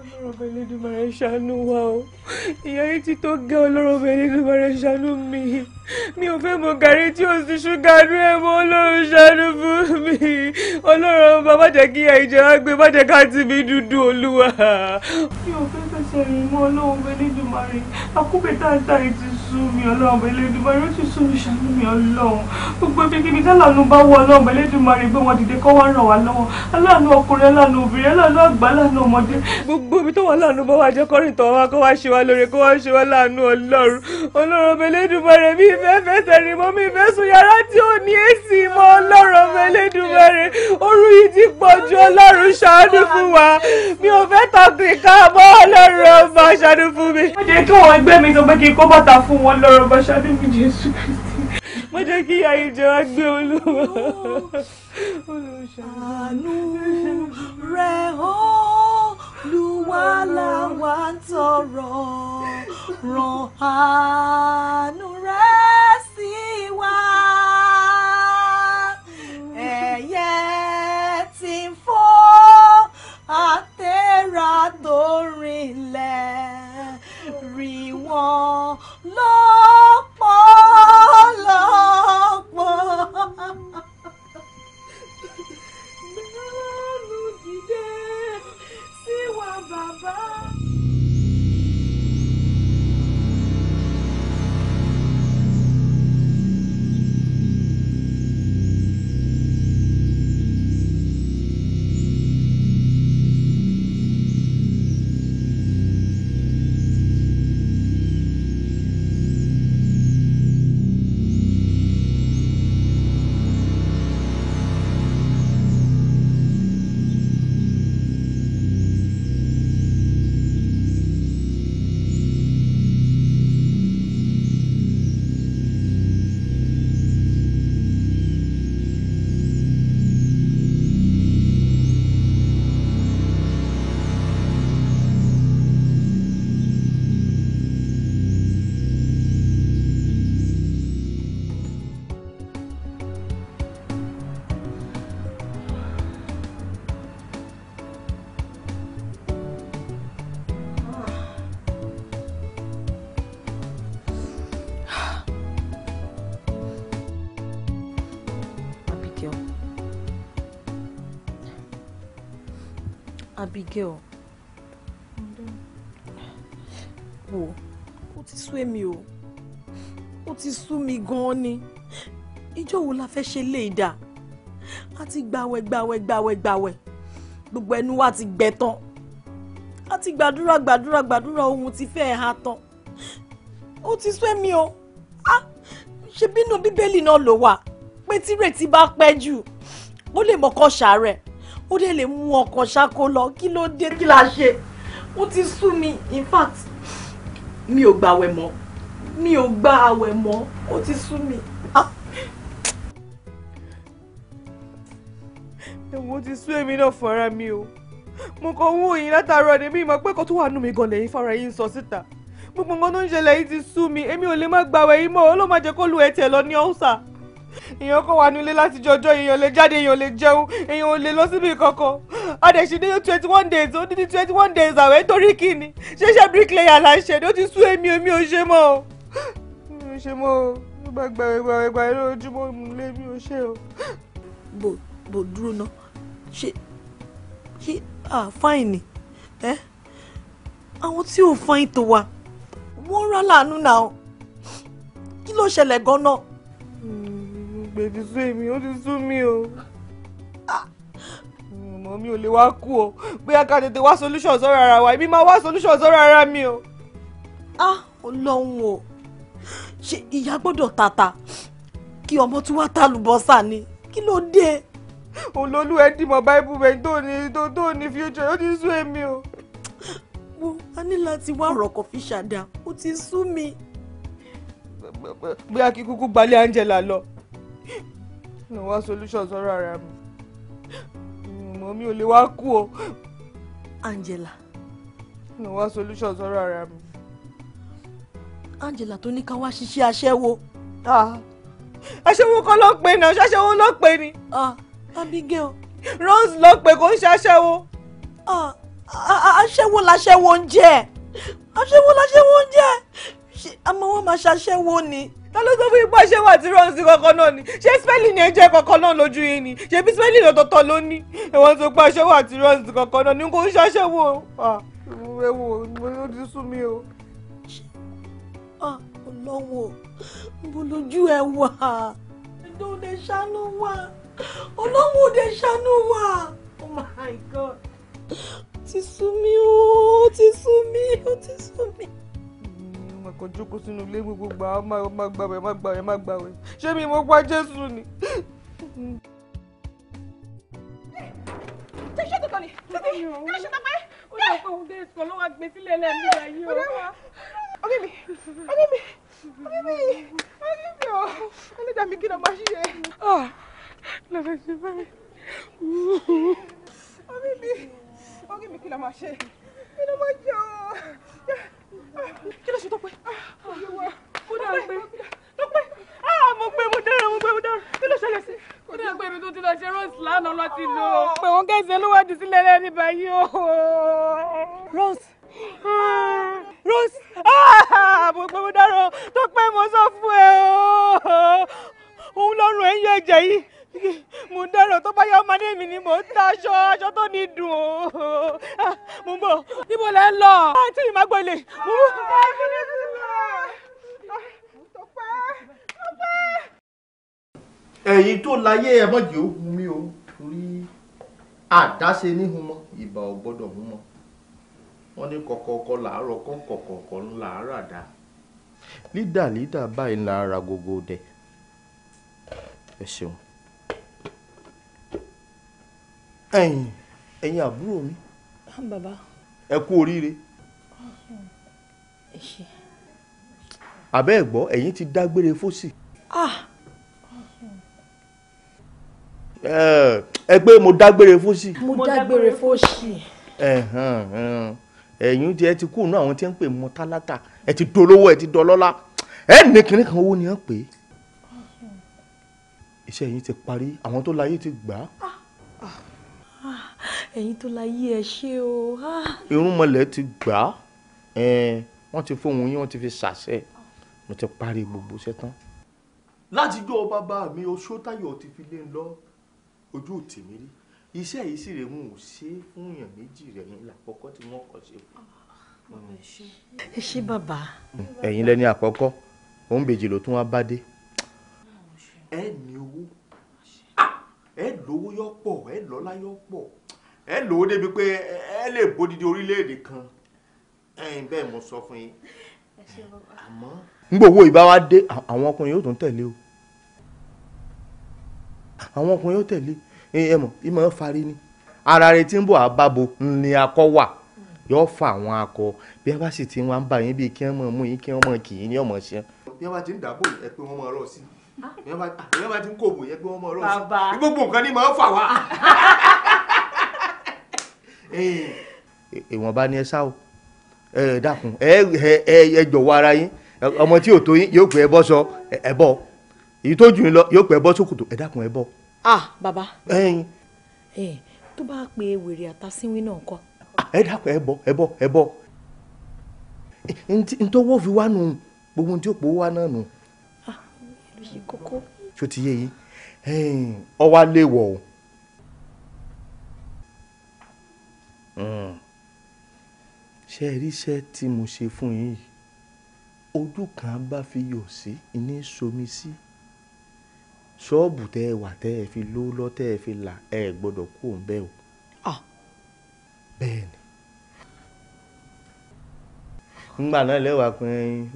ọlọ́run ọba Elédùmarè ṣàánú wa ìyá yìí ti tó gé olóró bẹ̀rẹ̀ ló bẹ̀rẹ̀ ṣàánú mi mi ò fẹ́ mọ gàrí tí ó sì ṣúgà ní ẹ̀mọ́ ọlọ́run ṣàánú fún mi ọlọ́run bá má jẹ́ kí ìyá ìjẹ́ wá gbé má jẹ́ ká ti mi dúdú olúwa. mi ò fẹ́ fẹsẹ̀ rìn mọ́ ọlọ́run Elédùmarè akúbẹ̀tà ta ìtì sú mi ọlọ́run Elédùmarè ó ti sú mi ṣàánú mi ọlọ́run gbogbo ibi kíbi tálànù bá wọ ọlọ́run Elédùmarè gbé wọn dìde kọ́ wá ràn wá lọ́wọ́ aláàánú ọkùnrin aláàánú obìnrin aláàánú àgbà aláàánú ọmọdé gbogbo ibi tó wà láàánú bá wà jẹ́ kọ́rìntàn wá kọ́ wá ṣe wá lóore kó wá ṣe wá láàánú ọlọ́run ọlọ́run ọbẹ̀ lẹ́dùnmọ́rẹ́ mi ìfẹ́ fẹ́ tẹ̀rí mọ́ mi ìfẹ́ sùn yàrá tí ò ní èsì mọ́ ọlọ́run ọbẹ̀ lẹ́dùnmọ́rẹ́ òru yìí ti pọ̀ ju ọlọ́run ṣàánú fún wa mi ò fẹ́ tọkùn ká mọ́ ọlọ́run ọba ṣàánú fún mi. ó jẹ́ kí àwọn ẹgbẹ́ mi sọ pé kí n kó bàtà fún wọn lọ́rọ̀ ọba ṣàánú fún Jésù Kristi mo jẹ́ kí ayé jẹ wá gbé olúwa. àánú rẹ̀ ó lúwa làwa ń tọrọ ràn àánú rẹ sí wa ẹyẹ tí ń fò àtẹ̀rà tó rinlẹ̀ rí wọn lọ́pọ̀lọpọ̀. o, wo o ti sú èmi o ó ti sú mi gan-an ni ìjọ wo la fẹ́ ṣe lè dà a ti gbàwẹ̀ gbàwẹ̀ gbàwẹ̀ gbàwẹ̀ gbogbo ẹnu wa ti gbẹ tán a ti gbàdúrà gbàdúrà gbàdúrà ohun ti fẹ́ ha tán ó ti sú èmi o a ah! ṣe bínú bíbélì náà ló wà pé tírètí bá pẹ́ jù ó lè mọ̀ọ́kọ́ ṣàárẹ̀ ó dẹ̀ lè mú ọkàn ṣáko lọ kí ló dé kí la ṣe ó ti sú mi in fact mi ò gba àwẹ̀ mọ́ mi ò gba àwẹ̀ mọ́ ó ti sú mi. èwo ah. ti sú èmi náà fúnra mi o mo kàn ń wò yín látàárọ̀ ni mi ìmọ̀ pé kó tó wà nù mí gan lẹ́yìn fara yín sọ síta gbogbo nǹkan tó ń ṣẹlẹ̀ yìí ti sú mi èmi ò lè má gbàwẹ̀ yín mọ́ ó ló má jẹ́ kó lu ẹ̀tẹ̀ lọ ní ọ̀sà èèyàn kò wà nílé láti jọjọ́ èèyàn lè jáde èèyàn lè jẹun èèyàn ò lè lọ síbi kankan adẹ̀sí ní twenty one days ó ní twenty one days àwẹ̀ torí kìíní ṣẹ̀ṣẹ̀ bricklayer là ń ṣe ni ó ti sú èmi èmi ò ṣe mọ́ o mi ò ṣe mọ́ o nígbà gbàgbà ìgbà ìlú ojúmọ́ ìmùlẹ̀ mi ò ṣe o. bò bò dúró ná ṣe ṣe ah fine ẹ àwọn tí ò fine tó wa wọ́n rán láàánú náà kí ló ṣẹlẹ̀ gan-an náà gbé ti sú èmi ó ti sú mi o ah, ọmọ mi ò lè wá kú o bóyá ká tètè wá solution sọ́rọ̀ ara wa èmi máa wá solution sọ́rọ̀ ara mi o. ah ọlọ́run o ṣe ìyá gbọ́dọ̀ tata kí ọmọ tún wá tàlùbọ́sà ni kí ló dé. olólù ẹ dìmọ̀ báíbù bẹ́ẹ̀ tó ní tó ní future ó ti sú èmi o. wo a ní láti wá ọ̀rọ̀ kan fi ṣàdá ó ti sú mi. bóyá kí kúkú gbalẹ̀ Angela lọ mi wá solution sọ́rọ̀ ara mi mo mi ò lè wá kú o. Angela. mi wá solution sọ́rọ̀ ara mi. Angela tó ní ká wá ṣiṣẹ́ aṣẹ́wó. aṣẹ́wó kọ́ ló pe ni aṣẹ́wó ló pe ni. Abigail. Rose ló pe kò ń ṣe aṣẹ́wó. aṣẹ́wó laṣẹ́wó ń jẹ́ aṣẹ́wó laṣẹ́wó ń jẹ́ àmọ́ wọ́n máa ṣaṣẹ́wó ni ta ló sọ fún yín pé ṣé wà tí rọ́ọ̀sì kankan náà ni ṣé spelling ẹ̀ jẹ́ kankan náà lójú yín ni ṣebí spelling ọ̀tọ̀ọ̀tọ̀ ló ní ẹ̀wọ̀n tó pa ṣé wà tí rọ́ọ̀sì kankan náà ni kò ń ṣàṣẹ́wò ẹ̀wò ló ti sú mi o. ọlọ́wọ́ mo lójú ẹ wà ẹ̀dọ́ òde ṣàánú wà ọlọ́wọ́ òde ṣàánú wà oh my god ó ti sú mi o ó ti sú mi ó ti sú mi máa kàn jókòó sínú ilé gbogbo gbà á máa gbàwẹ̀ máa gbàwẹ̀ máa gbàwẹ̀ ṣé mi mo pa Jésù ni. ṣé ṣé tuntun ni títí kí ló ṣe tọpẹ. ó yẹ kó òun dé ìsọ̀ gbé sílẹ̀ lẹ́nu ìgbà yìí o. ọ̀rẹ́ mi ọ̀rẹ́ mi ọ̀rẹ́ mi ọ̀rẹ́ mi ọ̀ ẹlẹ́dàá mi kí ló máa ṣe. Ah, lọ́dọ̀ ṣe fẹ́ mi. mi ọ̀rẹ́ mi kí ló máa ṣe kí ló máa ṣe ọ́ kí ló ṣe Tọ́pẹ́ ah, mo dára pé Tọ́pẹ́ mo pé mo dára mo pé mo dára kí ló ṣẹlẹ̀ sí. ó dà pé ibi tó ti lọ ṣe rose lánàá lọ ti lò ó. pé òun kẹ́sì olúwádìí sílẹ̀ lẹ́ni báyìí o. rose ah, rose ah, mo pé mo dára Tọ́pẹ́ mo sọ fún ẹ o òun lọ́rùn ẹ̀ ń yẹ ẹ̀jẹ̀ yìí. mo dárò tó bá yá mi ni ń aṣọ tó ní dùn ó ah, mo ń bọ̀ níbo lẹ́ lọ àti ah, ìmágbélé mo ah, ẹ̀yin tó láyé ẹ̀mọ́jì ó hun mí o torí àdáṣe níhun mọ́ ìbà ò ní kọ̀kọ̀ọ̀kọ̀ làárọ̀ kọ̀kọ̀ọ̀kọ̀ lídà báyìí ara gbogbo ẹ̀yin ẹ̀yin àbúrò mi. bàbá. ẹ kú oríire. ẹ ṣé. àbẹ́ ẹ̀ gbọ́ ẹ̀yin ti dágbére fósì. Ah! ẹ pé mo dágbére fósì. mo dágbére fósì. ẹ̀yin tí ẹ ti kúrò náà àwọn tí ń pè mọ́ tálákà ẹ ti dolówó ẹ ti dọlọ́lá ẹ ní kinní kan owó ni ẹ pè é iṣẹ́ yìí ti parí àwọn tó láyé ti gbà á. Ah, ah. Ah, ẹ̀yin tó la yí ẹ ṣe o. Ah. irúnmọlẹ̀ ti gbà á wọ́n ti fóun yín wọ́n ti fi ṣàṣẹ mo ti parí gbogbo iṣẹ́ tán. látijọ́ bàbá mi oṣó táyọ̀ ti fi lé ń e lọ ojú tèmi rí iṣẹ́ yìí sì rè ń ò ṣe é fún èèyàn méjì rẹ̀ ní àkọ́kọ́ tí wọ́n kọ́ ṣe fún ẹ ṣé bàbá. ẹ̀yin lẹni àkọ́kọ́ òun bèjì ló tún wá bá dé. ẹ ní owó ẹ lówó yọ pọ̀ ẹ lọ́lá yọ pọ̀ ẹ débi pé ẹ lè bódìdí orílẹ̀-èdè kan ẹ̀yin bẹ́ẹ̀ mo sọ fún yín àmọ́. gbowó àwọn ọkùnrin yóò tún tẹ̀lé o ọkùnrin yóò tẹ̀lé ẹ mọ̀ ẹ fari ni ara rẹ ti ń bọ̀ akọ wà fa àwọn akọ bí bá sì ti bá yín bíi kí ọmọ bí ìyá ah, ti ń kó òmù yẹn pé wọ́n mọ ọ̀rọ̀ sí gbogbo nǹkan ni màá fà wá. <laughs> ìwọ̀nba ni ẹ sá o ẹ dákun ẹ ẹ jọ̀wọ́ ara yín ọmọ tí ò tó yín yóò pè é bọ́ sọ ẹ bọ́ èyí tó jù yín lọ yóò pè é bọ́ sókòtò ẹ dákun ẹ bọ́. a ah, baba tó bá pe wèrè àtàsínwín náà kọ́. ẹ dákun ẹ bọ ẹ bọ ẹ bọ́ ntọ́wọ́ fi wá nù gbogbo wá náà nù. yìí kókó. ṣó ti yé yín ọwá léèwọ̀ o hmm. ṣe ríṣẹ́ tí mo ṣe fún yín yìí ojú kan bá fi yọ̀ sí iní somi sí ṣọ́ọ̀bù tẹ́ ẹ wà tẹ́ ẹ fi ló lọ́ tẹ́ ẹ fi là ẹ gbọ́dọ̀ kú òun bẹ́ẹ̀ o bẹ́ẹ̀ ni ńgbà náà lẹ́wàá pé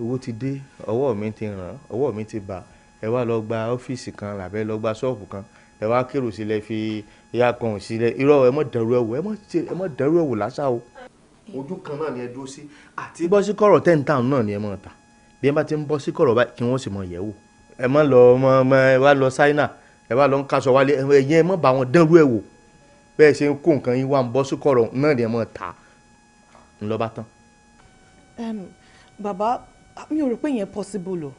owó ti dé ọwọ́ mi ti ràn ọwọ́ mi ti bà á ẹ wá lọ gba ọ́fíìsì kan làbẹ́ lọ gba ṣọ́ọ̀bù kan ẹ wá kérò sílẹ̀ fi ya kan sílẹ̀ irọ́ ẹ mọ̀ dẹrú ẹ̀wò ẹ mọ̀ dẹrú ẹ̀wò lásà o. ojú kan náà ni ẹ dúró sí àti. bọ́ sí kọ̀rọ̀ ten town náà ni ẹ mọ̀ ta bí ẹ bá ti ń bọ́ sí kọ̀rọ̀ báyìí kí wọ́n sì mọ̀ yẹ̀ wò. ẹ mọ̀ lọ ọmọ ọmọ ẹ wá lọ ṣáínà ẹ wá lọ ń kaṣọ wálé ẹ̀yẹ ẹ mọ̀ bá wọn dẹrú ẹ̀wò bẹ́ẹ̀ ṣe kó nǹkan yín wá ń bọ́ sí kọ̀rọ̀ náà ni ẹ mọ̀ ta ńlọ bá tán. bàbá mi ò rò pé yẹn possible o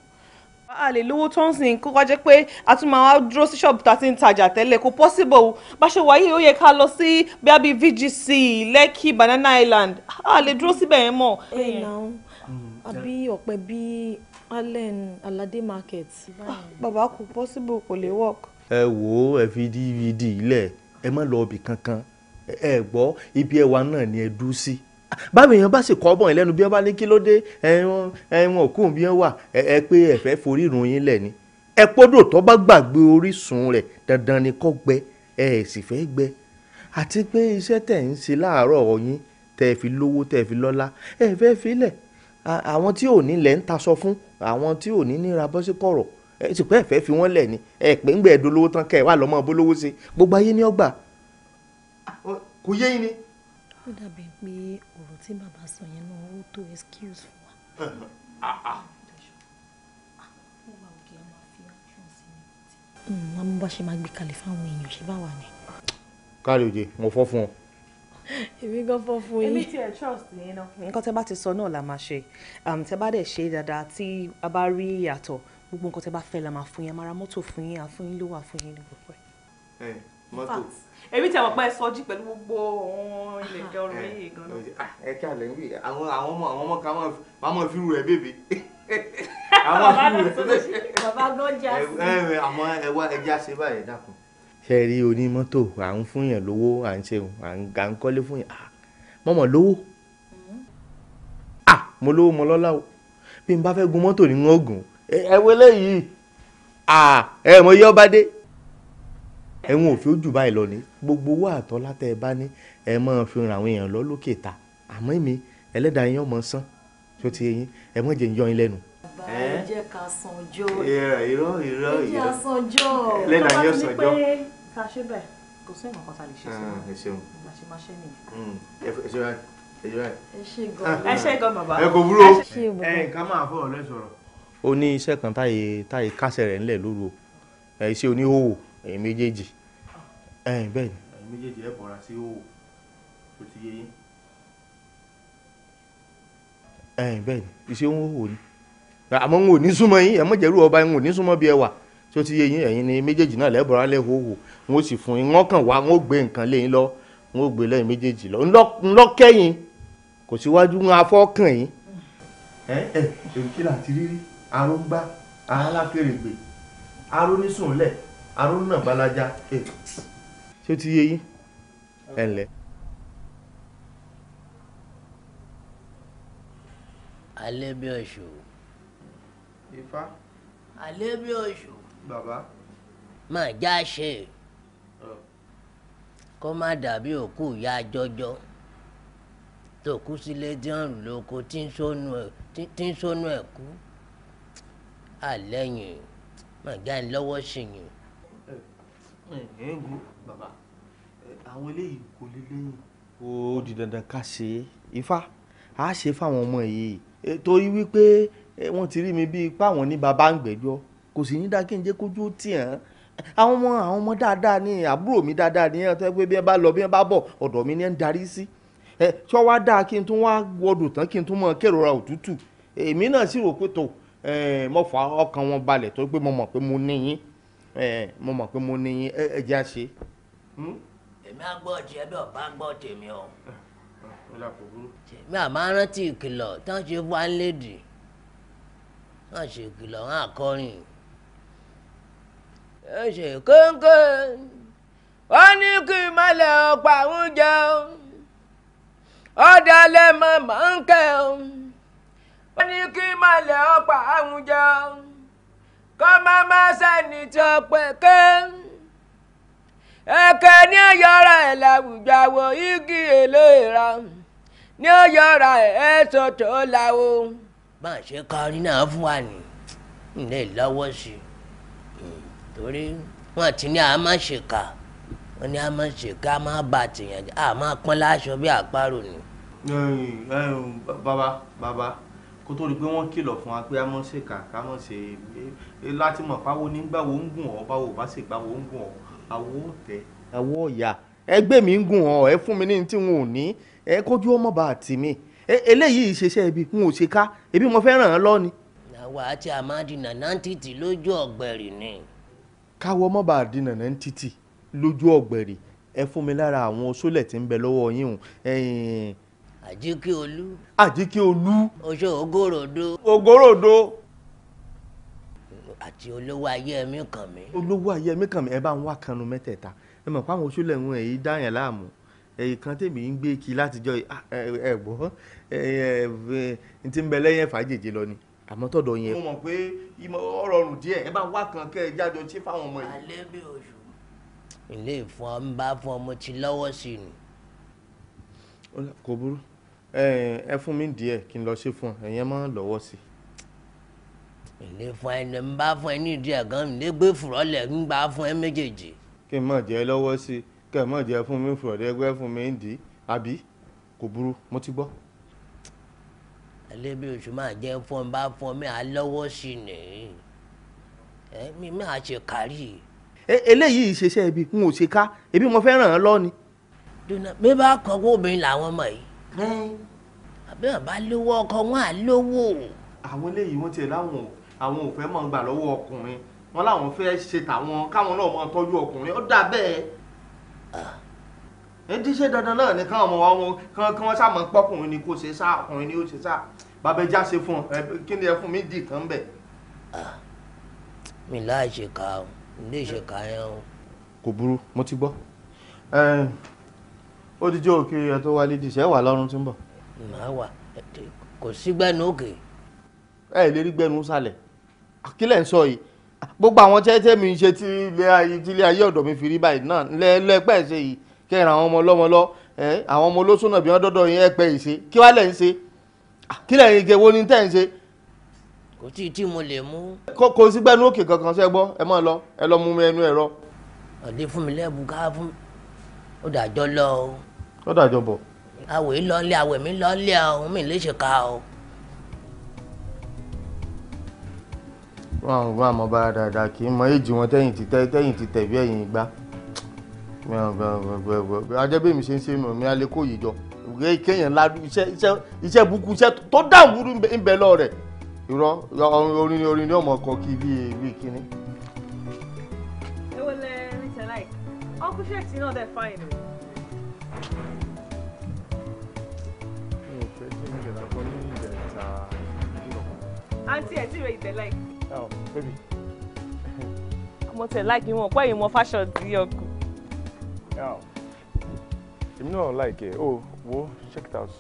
a lè lówó tó ń sìn kó wá jẹ́ pé a tún máa dúró sí ṣọ́ọ̀bù tá a ti ń tajà tẹ́lẹ̀ kò possible o bá ṣe wáyé ó yẹ ká lọ sí bíábí VGC Lekki Banana Island a lè dúró síbẹ̀ yẹn mọ̀. ẹ nàá àbí ọ̀pẹ bíi Allen Alade market. bàbá kò possible kò lè work. ẹ wo ẹ fi dvd ilẹ̀ ẹ má lọ ibì kankan ẹ gbọ́ ibi ẹwà náà ni ẹ dú sí. Si báwo èèyàn bá sì kọ́ bọ̀ lẹ́nu bí wọ́n bá ní kí ló dé ẹ̀wọ̀n òkú bí wọ́n wà ẹ pé ẹ̀fẹ́ forí rùn yín lẹ̀ ni ẹ pọ́dọ̀ tó bá gbàgbé orísun rẹ̀ dandan ni kó gbẹ ẹ sì fẹ́ gbẹ àti pé iṣẹ́ tẹ̀ ń ṣe láàárọ̀ ọ̀yin tẹ̀ fi lówó tẹ̀ fi lọ́lá ẹ fẹ́ filẹ̀ àwọn tí ò ní lẹ̀ ń taṣọ fún àwọn tí ò ní níra bọ́ sí kọ̀rọ̀ ẹ sì pé ẹ̀fẹ́ fi wọ́n lẹ̀ ni ẹ pé ń gbẹ ẹ̀dọ́lówó tán kẹ́ ẹ wà lọ́mọ bólówó ṣe gbogbo ayé ní ọgbà kò yé yín ni. ó dàbí pé tí bàbá sọ yẹn náà ó tó excuse fún wa. <laughs> Ah, ah. Hmm, wọ́n mú bá ṣe máa gbé kalẹ̀ fáwọn èèyàn ṣe bá wà ní. kárí òye mo fọ́ fún ọ. èmi gan fọ́ fún yín. èmi tiẹ̀ trust yín náà. nǹkan tẹ́ bá ti sọ náà la máa ṣe tẹ́ bá dẹ̀ ṣe dáadáa tí a bá rí ìyàtọ̀ gbogbo nǹkan tẹ́ bá fẹ́ la máa fún yín a máa ra mọ́tò fún yín a yín lówó a fún yín ní gbogbo ẹ̀. mọ́tò èmi tí a mọ̀ pé ẹ sọjí pẹ̀lú gbogbo ohun ilẹ̀ ah, ìjọ ọ̀rọ̀ eh, yìí gan-an. Eh, eh, ah, ẹ kí alẹ́ ń wí àwọn àwọn ọmọ àwọn ọmọ kan máa mọ fírun ẹ bèbè <laughs> àwọn fírun ẹ bèbè. bàbá gan jà sí. ẹ ẹ àmọ́ ẹ wá ẹjẹ àṣẹ báyìí dákun. ṣe rí onímọ́tò à ń fún yàn lówó à ń ṣeun à ń kọ́lé fún yàn ah, mọ̀mọ́ lówó hmm? mo lówó mo lọ́lá o bí n bá fẹ́ gun mọ́tò ní ń ẹ wọlé yìí ẹ mọ iye ọba dé ẹ̀wọ̀n òfin ojú báyìí lọ ni gbogbo owó àtọ́lá tẹ́ ẹ bá ní ẹ máa fi ràn àwọn èèyàn lọ lókè ta àmọ́ èmi ẹlẹ́dàá yín ọmọ sán tí ó ti yẹ yín ẹ mọ̀ jẹ́ ń yọ yín lẹ́nu. bàbá ẹ jẹ́ ká sanjọ́ irọ́ irọ́ irọ́ ẹ jẹ́ ká sanjọ́ ẹlẹ́dàá yín ọ̀sán jọ́ ká ṣe bẹ́ẹ̀ kò sí nǹkan kan tá a lè ṣe sí i ah, ṣeun ìgbà ṣe máa ṣe nìyẹn. Hmm. ẹ ṣe báyìí ẹ ṣe gan ah, ẹ ṣe gan bàbá ẹ kò burú o ẹ nǹkan máa fọ ọ̀rẹ́ sọ̀rọ̀. ó ní iṣẹ́ kan táyé táyé kásẹ̀ rẹ̀ ńlẹ̀ lóru o iṣẹ́ oníhòòhò èyí méjèèjì ẹ̀yìn bẹ́ẹ̀ ni. ẹ̀yin méjèèjì ẹ̀ bọ̀ra sí òwò tó ti yé yín. ẹ̀yìn bẹ́ẹ̀ ni iṣẹ́ òun wò ni àmọ́ òun ò ní súnmọ́ yín ẹ̀mọ́ jẹ́rú ọba òun ò ní súnmọ́ bí ẹ wà tó ti yé yín ẹ̀yin ni méjèèjì náà lẹ́bọ̀ra lẹ́hó wò wọn ò sì fún yín wọ́n kàn wá wọn ò gbé nǹkan lé yín lọ wọn ò gbé lẹ́yìn méjèèjì lọ ńlọ́kẹ́yìn kò síwájú wọn afọ́kàn yín. ẹ ẹ èyí láti rírí arógbá alákèrègbè arónísùnlẹ̀ arónàbalaja ṣé ti yé yín ẹ ǹlẹ́. alẹ́ bí ọ̀ṣù. ifá. alẹ́ bí ọ̀ṣù. bàbá. máa já ṣe kó má dàbí òkú ìyá jọjọ tó kú sílé tí ń lò kó tí ń sónú ẹ̀ kú àlẹ́yìn màgá ẹ̀ lọ́wọ́ ṣìyìn. ẹ ẹ ẹ gùn bàbá àwọn eléyìí kò lè lẹ́yìn. ó di dandan ká ṣe é ifá a ṣe fáwọn ọmọ yìí torí wípé wọ́n ti rí mi bíi páwọn ní bàbá ń gbẹ́jọ́ kò sì ní dá kí n jẹ́ kójú tì hàn àwọn ọmọ àwọn ọmọ dáadáa ni àbúrò mi dáadáa ni ẹ tó yẹ pé bí ẹ bá lọ bí ẹ bá bọ̀ ọ̀dọ̀ mi ni ẹ ń darí sí ẹ ṣọ wá dáa kí n tún wá wọdò tán kí n tún mọ kérora òtútù èmi náà sì rò pé tó mo fà ọkàn wọn balẹ̀ tó pé mo mọ̀ pé mo ní mo mọ̀ pé mo ní yín ẹ jẹ́ àṣe. Hmm? èmi á gbọ́ tiẹ̀ bí ọ̀bá ń gbọ́ tèmi o. Eh, eh, tèmi àmọ́ rántí ìkìlọ̀ tí wọ́n ṣe wá lédè wọ́n ṣe ìkìlọ̀ wọn àkọrin. ẹ ṣe kéńké wọ́n ní kí ìmọ̀lẹ̀ ọ̀pá ń jẹun ọ̀dàlẹ̀ màmá ń kẹun wọ́n ní kí ìmọ̀lẹ̀ ọ̀pá ń jẹun kọ́ máa má sẹ́ni tó pẹ̀kẹ́ ẹ̀kẹ́ ní ọ̀yọ́ra ẹ̀ làwùjọ àwọ̀ igi èlò ìra ní ọ̀yọ́ra ẹ̀ sọ̀tọ̀ làwọ̀. bá a ṣe kárí náà fún wa ní ilé ìlọ́wọ́ sí i hmm, torí wọn ti ní a máa ṣèkà wọn ní a máa ṣèkà a máa bá tèèyàn jẹ a máa pọ́n láṣọ bí àparò ni. bàbá bàbá kó tó rí i pé wọ́n kìlọ̀ fún wa pé a máa ṣèkà ká máa ṣe láti mọ̀ páwo nígbà wo ń gùn ọ́ báwo bá ṣèkà wo ń gùn ọ́ àwo tẹ. àwo ọ̀yà ẹgbẹ́ mi ń gùn ọ́ ẹ fún mi ní tí n ò ní ẹ kójú ọmọ bá tì mí e, eléyìí ìṣeṣẹ́ ibi n ò ṣe ká ebi mo fẹ́ ràn án lọ ni. àwa àti amadi nàná ń títì lójú ọ̀gbẹ̀rì ni. káwọ ọmọ bá di nàná ń títì lójú ọ̀gbẹ̀rì ẹ fún mi lára àwọn sólẹ̀ tí ń bẹ lọ́wọ́ yín o. àjíkí olú. àjíkí olú. oṣó ògòròdo. ògòròdo àti olówó ayémi kàn mí. olówó ayémi kàn mí ẹ bá ń wá kanu mẹ́tẹ̀ẹ̀ta ẹ mọ̀ fáwọn oṣù lẹ́hún ẹ̀ yìí dáyàn láàmú èyí kan tèmi ń gbé kí látijọ́ ah, ẹ gbọ́ ẹ ti ń bẹ lẹ́yìn ẹ̀fà jèjì lọ ni àmọ́ tọ̀dọ̀ yẹn. mo mọ̀ pé ọ̀rọ̀ ọ̀rùn díẹ̀ ẹ bá wá kan kẹ́ ẹ jájọ ṣé fáwọn ọmọ yìí. alẹ́ bí oṣù. ilé ìfọ́n ń bá fún ọmọ tí lọ́wọ́ sí ni. kò burú ẹ fún mi díẹ̀ kí n lọ ṣe fún ẹ ẹ̀yẹn máa ń lọ́wọ́ sí i ilé fún ẹ ní bá fún ẹ ní ìdí ẹ̀gán mi lé gbé fùrọ́lẹ̀ ń gbà fún ẹ méjèèjì. kí n mọ̀ jẹ́ lọ́wọ́ sí i kẹ́ ẹ̀ mọ̀ jẹ́ fún mi fùrọ̀dẹ́ gbẹ́ fún mi ń dì í àbí kò burú mo ti gbọ́. ẹlẹ́bí oṣù máa jẹ́ fún bá fún mi àlọ́wọ́ sí i nìyí ẹ mi máa ṣe kárí. E, eléyìí ìṣeṣẹ́ ibi n ò ṣe ká ebi mo fẹ́ ràn án lọ ni. dùnà bí bá kọ́ obìnrin làwọn ọmọ yìí. àbí àbá lówó ọkọ wọn à lówó. àwọn eléyìí wọn tiẹ̀ láwọn ò àwọn ò fẹ́ mọ̀ gbà lọ́wọ́ ọkùnrin wọn láwọn fẹ́ ṣe tàwọn káwọn náà mọ̀ tọ́jú ọkùnrin ó dà bẹ́ẹ̀ ah. ẹdí ṣe dandan náà ni káwọn ọmọ wa wọn kí wọn ṣàmọ pọkùnrin ni kò ṣe sá ọkùnrin ni ó ṣe sá bàbá ẹja ṣe fún ẹ kí ni ẹ fún mi dì kan bẹ. Ah. mi láì ṣe ká o ilé ìṣe ká yẹn o. kò burú mo ti gbọ́ ó ti jẹ́ òkè ẹ̀ tó wálé dìṣẹ́ wà lọ́rùn tí ń bọ̀. màá wà kò sí gbẹ́nu òkè. ẹ lè rí gbẹ́nu sálẹ̀ kí lẹ̀ ń sọ yìí gbogbo àwọn tẹ́tẹ́ mi ṣe ti ilé ayé ti ilé ayé ọ̀dọ̀ mi fi rí báyìí náà lẹ́ẹ̀pẹ́ ṣe yìí kẹrin àwọn ọmọ ọlọ́mọ lọ àwọn ọmọ olóṣùnà bí wọ́n dọ́dọ̀ yín ẹ̀pẹ́ yìí ṣe kí wàá lẹ̀ ń ṣe kí lẹ̀ ń gẹ̀wó ní tẹ̀ ń ṣe. kò tí ì tí mo lè mú. kò sí gbẹ́nu òkè kankan ṣe gbọ́ ẹ mọ̀ lọ ẹ lọ mú ẹnu ẹ̀rọ. ọ̀dẹ fún mi lẹ́bù ká fún ó dàjọ́ lọ o. ó dàjọ́ bọ̀. o mi wọn ò gbọ́ àmọ́ bára dáadáa kì í mọ èjì wọn tẹ́yìn ti tẹ́ tẹ́yìn ti tẹ̀ bí ẹ̀yìn gbá ajẹ́bí mi ṣe ń ṣe mi mi alẹ́ kó yìí jọ kéèyàn ládùú iṣẹ́ iṣẹ́ iṣẹ́ burúkú iṣẹ́ tó dáwúrú ń bẹ lọ rẹ̀ irọ́ orin orin ni ọmọ kan kí bíi bíi kíní. ewo lẹ ní tẹ láì uncle sheik ti náà dẹ fáìn o. mi ò fẹ́ kí n jẹ̀dá kan ní ìjẹ̀ta. àǹtí ẹ̀ tí ì rẹ̀ ìtẹ̀ láì. Oh, baby. Àmọ́ tẹ̀ láìkí wọn pé ìmọ̀ fashion di ọkù. Oh. Èmi náà láìkí ẹ̀ o oh, wo check it out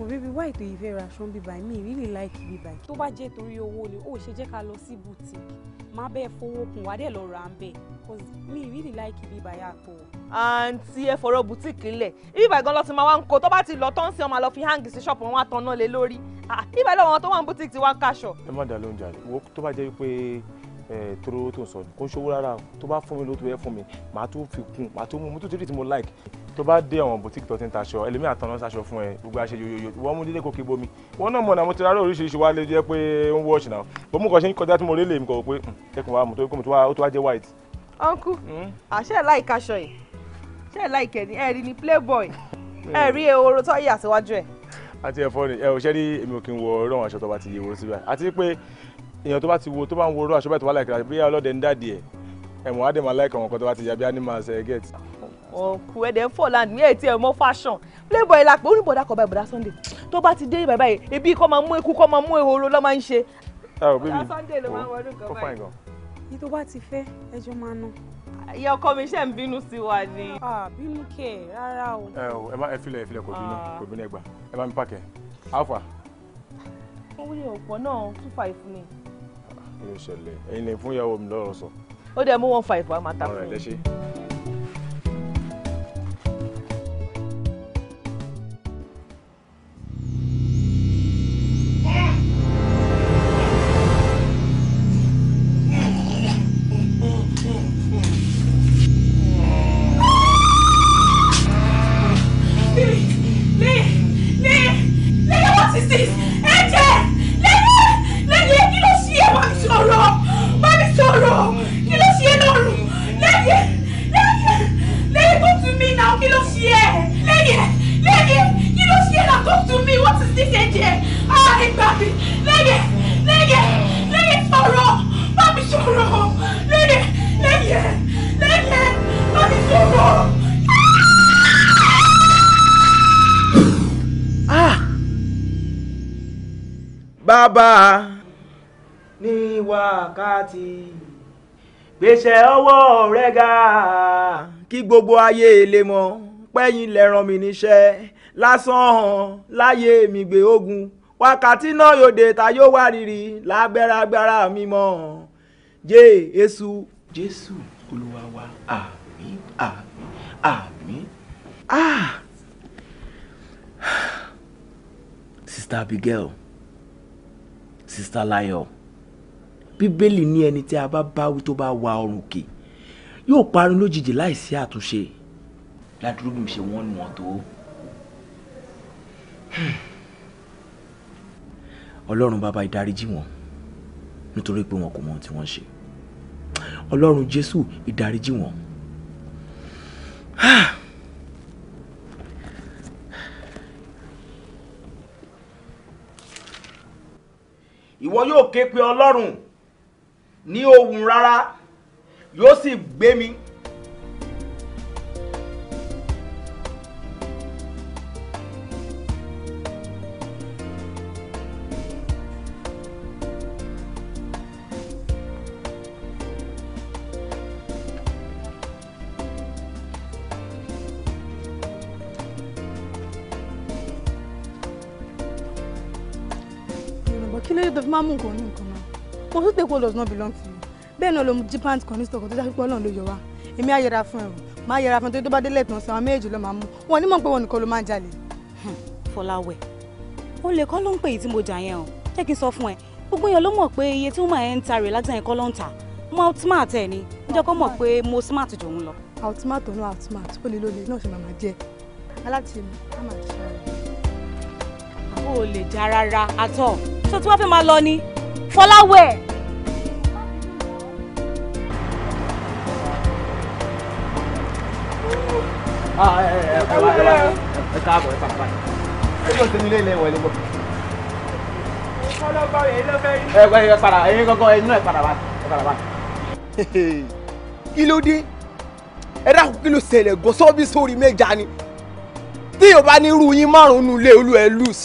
but baby why do you fẹ́ ra by me? mi really like bíbá. tó bá jẹ́ torí owó ni ó ṣe jẹ́ ká lọ sí boutique má bẹ́ẹ̀ fowó kùn wá dẹ̀ lọ rà ń bẹ̀ cause mi really like bíbá yàtọ̀. àǹtí ẹ fọ̀rọ̀ boutique ńlẹ̀ bíbá gan ló ti máa wá ń kó tó bá ti lọ tán sí ọmọ àlọ́ fi hang sí ṣọ́ọ̀pù wọn wá tan náà lé lórí ah, bíbá lọ́wọ́ wọn tó wà ní boutique ti wá ń kaṣọ. ẹ má dà lóúnjẹ àlè tó bá jẹ́ pé torí owó tó ń sọ kó ṣòwò rárá tó bá fún mi ló tó yẹ fún mi màá tó fi kún màá tó mú mú tó tó rí tí mo like tó bá dé àwọn boutique tó ti ń taṣọ ẹlẹ́mí àtọ̀nà ṣaṣọ fún ẹ gbogbo àṣẹ yoyoyo wọ́n mú dídé kókè bomi wọ́n náà mọ̀ náà mo ti rárá oríṣiríṣi wá lé jẹ́ pé ń wọ́ọ̀ṣì náà bó mú ṣe ń kọjá tí mo rí lè mi kọ̀ pé kẹ́kùn hmm, wa mo tó kó ó tó wá jẹ́ white. uncle hmm? àṣẹ ẹ̀ láì kaṣọ yìí ṣe ẹ̀ láì kẹ́ni ẹ̀ rí ni playboy hmm. ẹ̀ ehoro tó yà síwájú ẹ̀. àti ẹ̀fọ́ ni ẹ ò èmi ò kí ń wọ ọ̀rọ̀ àwọn tó bá ti yẹ wọ́n síbẹ̀ àti pé èèyàn tó bá ti wo tó bá ń wo orú aṣọ báyìí tó bá láìkìlá bí ọlọ́dẹ ń dàdí ẹ̀ ẹ̀wọ̀n á dẹ̀ máa láìka àwọn kan tó bá ti yà bí animals ẹ̀ get. òkú ẹ̀dẹ̀ fọ̀ land ní ètí ẹ̀ mọ́ fashion playboy la pé oníbọ̀dá kọ̀ báyìí bọ̀dá sunday tó bá ti dé bàbá yìí ebi kọ́ máa mú eku kọ́ máa mú ehoro lọ́ máa ń ṣe. bọ̀dá sunday ló máa ń wọnú kan báyìí. ìtò bá ti fẹ́ ẹjọ́ máa ná ìyá ọkọ mi ṣe o. ẹ o ẹ má ẹ filẹ ẹ filẹ kò bínú ah. kò bínú ẹ gbà ẹ bá mi pàkẹ alfa. owó yẹn ò pọ̀ náà yóò ṣẹlẹ̀ ẹ̀yin lè fún ìyàwó mi lọ́rọ̀ sọ. ó dẹ̀ mú one five wá máa fún mi. ọ̀rẹ́ ẹ lẹ́sẹ̀. iṣẹ́ ọwọ́ rẹ̀ ga kí gbogbo ayé lè mọ̀ pẹ́yìn lẹ́ràn mi níṣẹ́ lásán hàn láyé mi gbé ogun wákàtí náà yòde ta yóò wá rírì lágbẹ́rágbára mi mọ̀ jẹ́ èṣù. jésù olúwa wa àmín àmín àmín. Ah! sista abigail sista layo bíbélì ní ẹni tí a bá báwí tó bá wa ọrùn kè yóò parun lójijì láìsí àtúnṣe ládùúgbò mi ṣe wọ́n nù ọ́ tó. ọlọ́run bàbá ìdáríjì wọn nítorí pé wọn kò mọ ohun tí wọ́n ṣe ọlọ́run jésù ìdáríjì wọn. ìwọ yóò ké pe ọlọ́run ní ohun rárá yóò sì gbé mi máa mú nǹkan Those stakeholders not belong to you. Bẹ́ẹ̀ náà ló mu jipant kan ní sọ̀kọ̀ tó jáde pé Ọlọ́run ló yọ wá. Èmi á yẹra fún ẹ̀rù. Má yẹra fún torí tó bá délẹ̀ tán sí méjì ló máa mú. Wọn ní mọ̀ pé wọn nìkan ló máa ń jalè. Hmm, Fọláwẹ̀, o lè kọ́ ló ń pè yìí tí mo jà yẹn o. Jẹ́ kí n sọ fún ẹ, gbogbo èèyàn ló mọ̀ pé iye tí wọ́n máa ń ta rè látàn ẹ̀kọ́ ló ń ta. Mo ẹ káàbọ̀ ẹ pàpà ẹ yóò tẹ́lẹ̀ ilé ìwọ̀ ẹ̀lẹ́gbọ̀. ẹ ẹ padà ẹyin gangan ẹyin náà ẹ padà wá ẹ padà wá. kí ló dé ẹ dákun kí ló ṣẹlẹ̀ gan sọ́ọ́bì sórí mẹ́ja ni tí yóò bá ní irú yín márùn-ún nílé olú ẹ lùs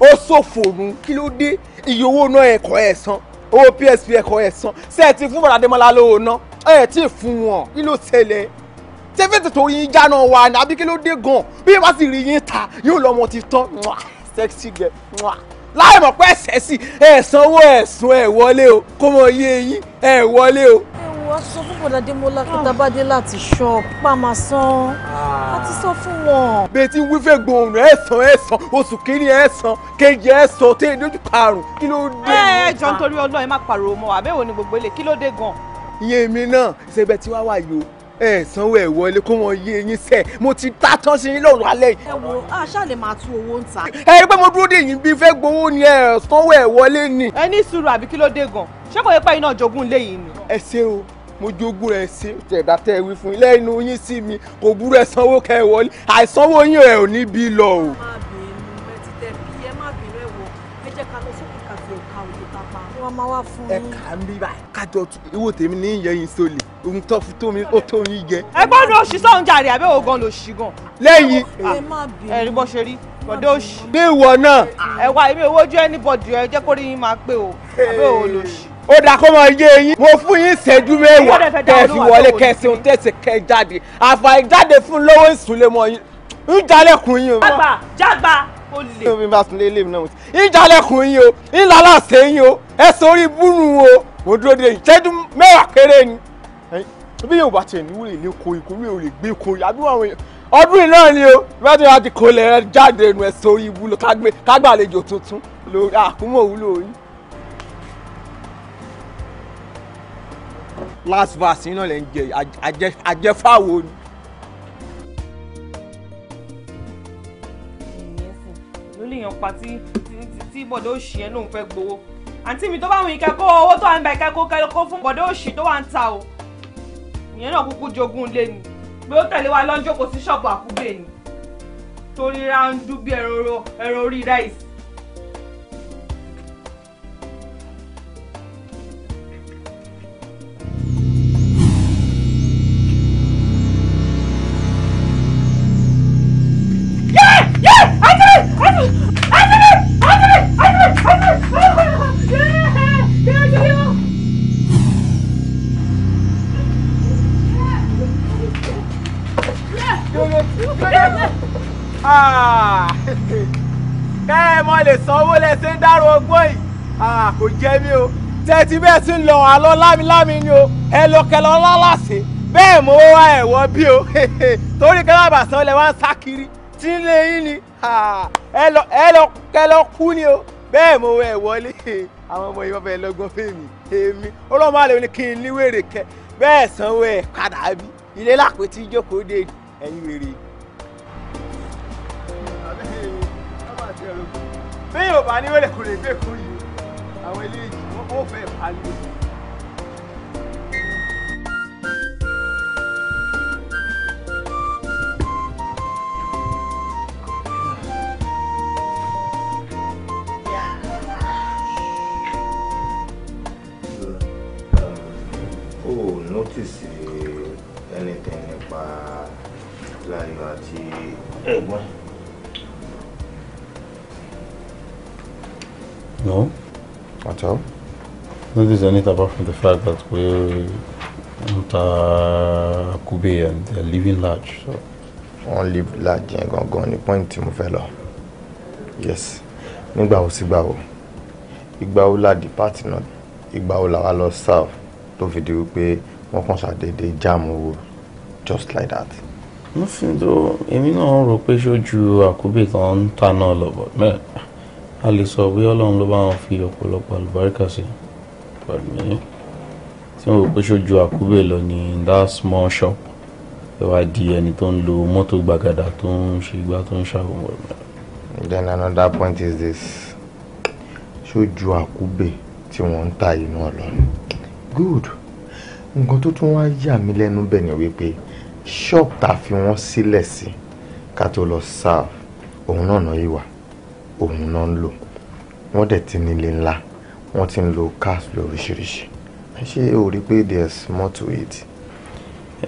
ó ṣòfò òun kí ló dé iye owó náà ẹ̀kọ́ ẹ̀ san owó psp ẹ̀kọ́ ẹ̀ san ṣe é ti fún bọ̀dá Adémọ́lá lówó ẹ̀ tí ì fún wọn kí ló ṣẹlẹ̀ sẹ́fẹ̀tì tó yín jáná wa ni àbí kí ló dé gan bí wọ́n sì rí yín ta yóò lọ́mọ ti tán sexy girl láì mọ̀ pé ẹ̀sẹ̀ sí ẹ̀ sanwó ẹ̀sùn ẹ̀ wọlé o kó mọ iye yín ẹ̀ wọlé o. ẹ wọ aṣọ fún bọ̀dà Démọ́lá kọtàbádé láti ṣọ pàmà san a ti sọ fún wọn. betty wífẹ́ gbòòrùn ẹ̀sán ẹ̀sán oṣù kìíní ẹ̀sán kejì ẹ̀sán tẹ́yìn lójú karùn-ún kí ló dé. ẹ ẹ jọ nítorí Ọlọ́run ẹ má pariwo mọ́ àbẹ̀wò ni gbogbo ilé kí ló dé gan. iye mi náà ṣe bẹ́ẹ̀ tí wàá wà yìí o ẹ sanwó ẹ wọlé kó wọn yé eyín sẹ mo ti ta tán sí yín lọ́rùn alẹ́ yìí. ẹ wo aṣá lè máa tu owó ń ta. ẹ rí pé mo dúró dè yín bí fẹ́ gbowó ni ẹ sanwó ẹ wọlé ni. ẹ ní sùúrù àbí kí ló dé gan ṣé kò yẹ pé iná jogún lé yìí ni. ẹ ṣe o mo jogún ẹ ṣe tẹ̀dá tẹ̀ wí fún yín lẹ́nu yín sí mi kò burú ẹ sanwó kẹ wọlé àìsanwó yín ẹ ò ní bí lọ o. máa wá fún yín. ẹ kà á ń bí báyìí kájọ ìwò tèmi ní ìyẹyìn sólè ohun tó fi tó mi ó tó yín jẹ. ẹ gbọ́dọ̀ òṣì sọ̀hún jàre àbẹ́ wo gan lòṣì gan. lẹ́yìn ẹ̀rí bó ṣe rí bọ̀dé òṣì. bí ìwọ náà. ẹ wá èmi òwòjú anybody ẹ jẹ́ kó rí yín máa pé o àbẹ́ wo lòṣì. ó dà kó máa yé yín. mo fún yín ìṣẹ́jú mẹ́wàá kẹ́ẹ̀fì wọlé kẹ́ẹ̀sì ohun tẹ̀sí kẹ́ẹ̀ jáde àfàìjáde fún lọ́wọ́ ìsúnlẹ̀ mọ́ yín ń jalẹ̀kùn yín. jágba jágba ó lè. tóbi bá tún lé lèmi náà mo ti ìjàlẹ̀kùn yín o ńlá láṣẹ yín o ẹ sórí búrú o mo dúró de ìṣẹ́jú mẹ́wàá péré ni. bí yóò bá tiẹ̀ níwò lè lé ko ikú mi ò lè gbé ko àbí àwọn èèyàn ọdún yìí náà ni o bá ti wá ti kó lẹ̀ ẹ jáde nu ẹ sórí ibú lọ kágbàlejò tuntun lórí àkúmọ̀ ah, òwúlò yìí. last verse yín náà lè ń jẹ àjẹfáwo ni. èèyàn pa tí tí bọ̀dọ̀ òṣì yẹn lòun fẹ́ gbowó àǹtí mi tó bá wùn ìkẹ́kọ̀ọ́ owó tó wà ń bá ìkẹ́kọ̀ọ́ kó fún bọ̀dọ̀ òṣì tó wà ń ta o ìyẹn náà kúkú jogún lé ni pé ó tẹ̀lé wa lọ́jọ́ kò sí ṣọ́ọ̀bù àkúgbè ni torí ra ń dú bí ẹran orí ráìsì lè sanwó lẹ́sẹ̀ ń dárò ọgbọ́n yìí kò jẹ́ mi o tẹ́tí bẹ́ẹ̀ ti ń lọ àlọ́ lámilámi ni o ẹ lọ kẹlọ lálàsì bẹ́ẹ̀ mo wá ẹ̀wọ́ bí o <laughs> torí kẹlẹ́ àbàsán lẹ wá ń sá kiri tí ń lé yín ni ẹ lọ kẹlọ kú ni o bẹ́ẹ̀ mo wá ẹ̀wọ́lé <laughs> àwọn ọmọ yìí wọ́n fẹ́ lọ́gbọ́n fèmí èmi ọlọ́mọ àlè ni kí n níwèrè kẹ bẹ́ẹ̀ sanwó ẹ̀ padà bí ilé lápẹ́ tí jókòó dé ẹ̀yìn wèrè yìí. bẹ́ẹ̀ bá ní wẹ́rẹ̀ kò lè bẹ́ẹ̀ kó yìí àwọn eléyìí wọ́n kò fẹ́ pariwo. notice anything nípa Láyọ̀ àti ẹ̀gbọ́n. No. At all? No, there's anything apart from the fact that we at Kobe and they're living large. So. Wọ́n live large yẹn gangan ní point tí mo fẹ́ lọ. Yes. Nígbà wo sígbà wo? Ìgbà wo la depart náà? Ìgbà wo la wá lọ serve tó fi di wípé wọ́n kàn ṣàdédé jáàmù owó just like that nísìnyí tó èmi náà rò pé ṣojú àkúbè kan ń ta náà lọ bọ mẹ a lè sọ bí ọlọ́run ló bá wọn fi ọ̀pọ̀lọpọ̀ àlùbáríkà sí pẹ̀lú tí mo rò pé ṣojú àkúbè lọ ní that small shop ẹ wá di ẹni tó ń lo mọ́tò gbàgàdà tó ń ṣe igbá tó ń ṣàwòrán rẹ̀. then another point is this ṣojú àkúbè tí wọ́n ń ta inú ọlọ́run good nǹkan tó tún wá yà mí lẹ́nu bẹ̀ ni wípé shop tá a fi wọ́n sílẹ̀ sí ká tó lọ serve òun náà náà yìí wà òun náà ń lò wọ́n dẹ̀ ti nílé ńlá wọ́n ti ń lo cars lóríṣiríṣi ṣé o rí pé there's more to it.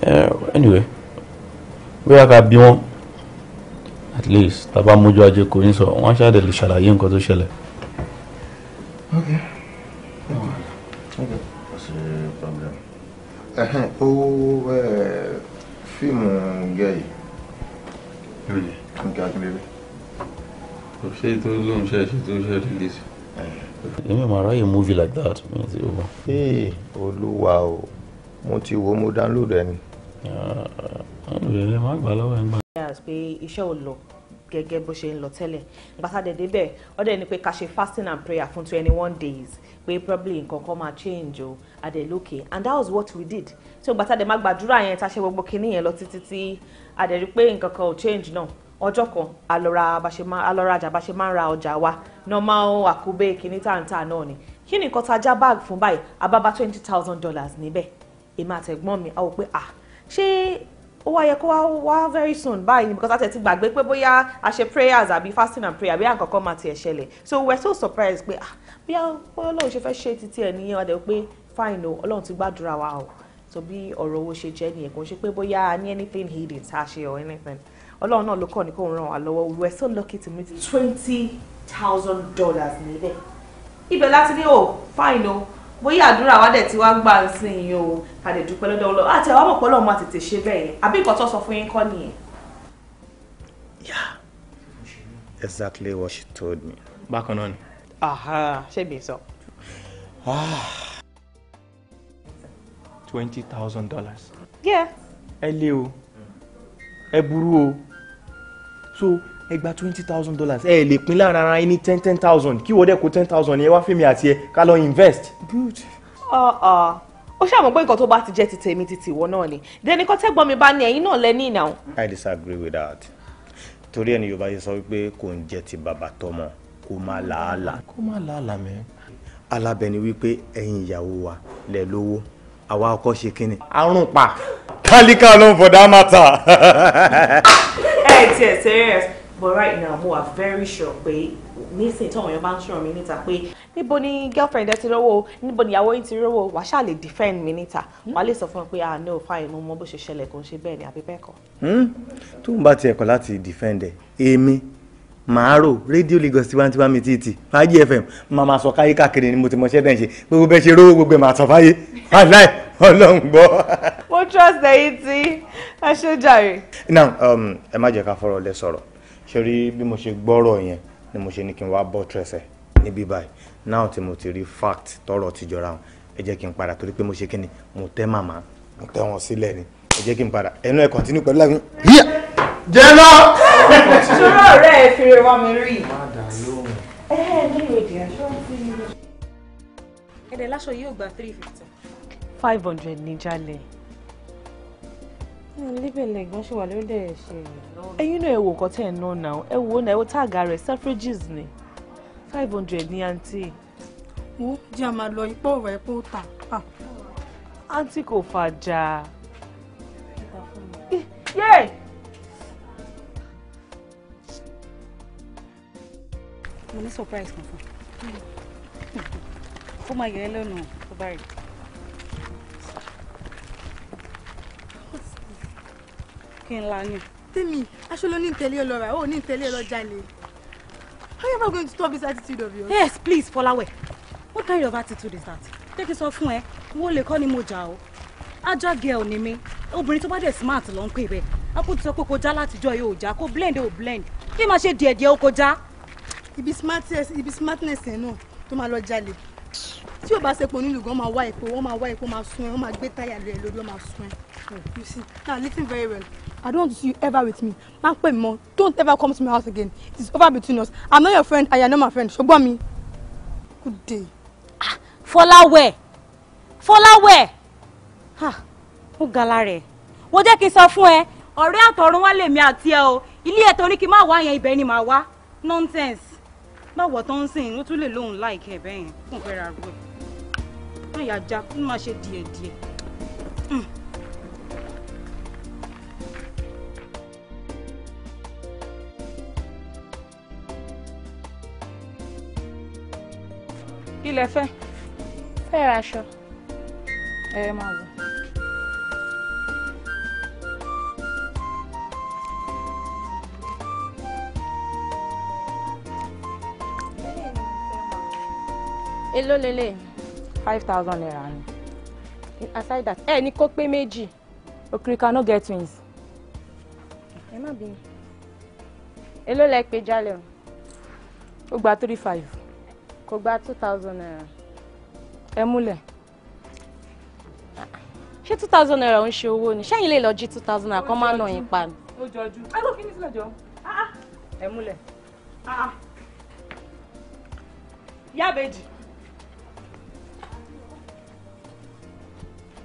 Uh, anyway bóyá ká bí wọn at least tàbá mójú ajé kò ní sọ wọn ṣáàdẹ lè ṣàlàyé nǹkan tó ṣẹlẹ̀. okay okay what's the problem. ó fíìmù gẹ̀ẹ́yì. lóye nǹkan akíndélé kò ṣe tó lóun ṣe ṣe tó ṣe release. èmi ò máa ráyè movie like that ee olúwa o mo ti wo mo download ẹ ni. ìrẹ̀lẹ̀ má gbà lọ́wọ́ ẹ̀ ń gbà. pé iṣẹ́ ò lọ gẹ́gẹ́ bó ṣe ń lọ tẹ́lẹ̀ gbàtàdédé bẹ́ẹ̀ ọ̀dẹ̀ ni pé ká ṣe fasting and prayer fún twenty one days pé probably nǹkan kan máa change o adélókè and that was what we did so gbàtàdé má gbàdúrà yẹn tá a ṣe gbogbo kinní yẹn lọ títí tí adẹ̀rí pé nǹkan kan ò change náà ọjọ́ kan alọ́rajà bá ṣe máa ń ra ọjà wa normal àkúbẹ́ kìíní tàǹtà náà ni kí ni nǹkan já báàgì fún báyìí ababa twenty thousand dollars níbẹ̀ èmi àtẹ̀gbọ́n mi a pé ah ṣé ó wá kó wá wá very soon báyìí because a ti gbàgbé pé bóyá a ṣe prayers àbí fasting and prayer bóyá nǹkan kan máa tiẹ̀ ṣẹlẹ̀ so we were so surprised pé ah bóyá ọlọ́run ṣe fẹ́ ṣe títí ẹ̀ nìyẹn ọ̀dẹ̀ pé fine o ọlọ́run ti gbàdúrà wa o so bí ọ̀rọ̀ owó ṣe jẹ́ nìyẹn kò ṣe pé bóyá a ní anything hidden tá a ṣe or anything ọlọ́run náà ló kọ́ ni kò ràn wá lọ́wọ́ we were so lucky to meet twenty thousand dollars níbẹ̀ ibẹ̀ láti ní o oh, fine o bóyá àdúrà wa dẹ̀ ti wá gbà ń sìn yín o ká lè dúpẹ́ lọ́dọ̀ ọlọ́run àti àwọn ọmọpọ̀ lọ́mọ àtètè ṣe bẹ́ẹ̀ yẹn àbí nǹkan tó sọ fún yín kọ́ nìyẹn. yeah exactly what she told me. bákan náà ni. ṣé mi sọ. Ah. twenty thousand dollars. yeah. ẹ lé o ẹ burú o so ẹ twenty thousand dollars ẹ lè pín lára ara yín ten ten thousand kí wọ́n dẹ̀ kó ten thousand yẹn wá fèmí àti ẹ ká lọ invest. good. Ah, ah. ó ṣàmọ̀ pé nǹkan tó bá ti jẹ́ ti tèmi ti tìwọ náà ni dẹni kọ́ tẹ́gbọ́n mi bá ní ẹ̀yin náà lẹ́ní ìnáwó. I disagree with that torí ẹni Yorùbá yìí sọ wípé kò ń jẹ ti bàbá tọmọ kó má làálàá. kó má làálàá mẹ́. alábẹ́ni wípé ẹ̀yin ìyàwó wa lẹ̀ lówó àwa ọkọ ṣe kínni àrùn pa. kálíkà ló ń for that matter. ẹ tiẹ̀ serious but right now mo wà very sure pé nísìnyí tí àwọn èèyàn bá ń sọ̀rọ̀ mi níta pé níbo ni girlfriend ẹ ti rówó níbo ni ìyàwó yín ti rówó wà ṣáà lè defend mi níta hmm? wà á lè sọ fún mi pé ah no fine mo mọ bó ṣe ṣẹlẹ̀ kò ń ṣe bẹ́ẹ̀ ni àbí bẹ́ẹ̀ kọ́. Hmm? tóun bá tiẹ̀ kọ́ láti defend ẹ̀ èmi màárò rédíò Lagos tiwantiwa mi títì fàájì FM máa máa sọ káyé káàkiri ni mo ti mọṣẹ́ dẹ́n ṣe gbogbo bẹ́ẹ̀ ṣe rówó gbogbo ẹ̀ máa sọ fáyé aláì ọlọ́run gbọ́. mo trust ẹ̀yin tí a ṣe jàre. now um, ẹ má jẹ́ ká fọ̀rọ̀ lẹ sọ̀rọ̀ ṣe rí bí mo ṣe gbọ́rọ̀ yẹn ni mo ṣe ní kí n wá bọ́ tẹ̀sẹ̀ níbí báyìí now tí mo ti rí fact tọrọ ti jọra wọn ẹ jẹ́ kí n padà torí pé mo ṣe kí ni mo tẹ́ màmá mo tẹ́ wọn sílẹ̀ ni ẹ jẹ́ kí n padà ẹnu ẹ̀ continue pẹ̀lú àgbẹ̀ jẹ́ lọ. ṣòro ọ̀rẹ́ ẹ fi rẹ wá mi rí. ẹ ẹ ní ìrèdè aṣọ ti ní. ẹ̀dẹ̀ láṣọ yóò gba three fifty. five hundred ní jalè. níbẹ̀lẹ̀ gan ṣe wà ló dẹ̀ ṣe. ẹ̀yin náà ẹ wo nǹkan tẹ́ ẹ̀ ná náà ẹ wo náà ẹ wo táàgà rẹ̀ suffrages ni five hundred ní àǹtí. wo jẹ́ àmà lọ ipò ọ̀rọ̀ ẹ̀ pé ó tà. àǹtí kò fàjà. yéè. mo ní surprise kan fún ó máa yẹ ẹ́ lọ́nà tó bá rí. kí n la ni. tèmi aṣọ ló ní ìtẹ̀lé ọlọ́ra ó ní ìtẹ̀lé ọlọ́jà lè. How am I going to stop this attitude of yours? Yes, please, Folawe. What kind of attitude is that? Jẹ́ kí n sọ fún ẹ, wọ́n lè kọ́ ni mo jà o. Ajá girl ni mí. Obìnrin tó bá dẹ̀ smart ló ń pè bẹ́ẹ̀. A kò ti sọ pé kò já látijọ́ yóò já, kò blend yóò blend. Kí máa ṣe díẹ̀díẹ̀ ó kò ibi smartness ibi smartness yẹn náà tó máa lọ jalè tí o bá sepo nílùú gan máa wá epo wọ́n máa wá epo máa sun ẹ wọ́n máa gbé táyà lé lórí wọ́n máa sun ẹ oh, you see now listen very well I don't want to see you ever with me má pè mí mọ́ don't ever come to my house again it is over between us I'm not your friend and you not my friend ṣùgbọ́n mi good day. ah Fọláwẹ̀ Fọláwẹ̀ ah ó ga lára ẹ̀ wọ́n jẹ́ kí n sọ fún ẹ ọ̀rẹ́ àtọ̀run wá lèmi àti ẹ o ilé ẹ̀ tó kí n má wá yẹn ibẹ̀ ni màá wá nonsense báwo tó ń sìn ó tún lè lóun láìkẹ́ bẹ́ẹ̀ yẹn fún fẹ́ ra rú ẹ̀ má yà já kó má ṣe díẹ̀díẹ̀. Hmm. kí lẹ fẹ́. fẹ́ ra aṣọ. ẹ máa wọ. èló lélẹ̀. five thousand naira ni. aside that ẹ ní kó pé méjì. okirika no get twins. ẹ má bínú. èló lẹ pé jálẹ̀ o. ó gba three five. kò gba two thousand naira. ẹ múlẹ̀ ṣé two thousand naira ń ṣe owó ni ṣẹ́yìn lè lọ jí two thousand naira kan máa nà yín pa ni. ó jọjú ẹ ló kí ni sílẹ̀ jọ ah, ah. ẹ múlẹ̀. Ah, yábẹ́jì.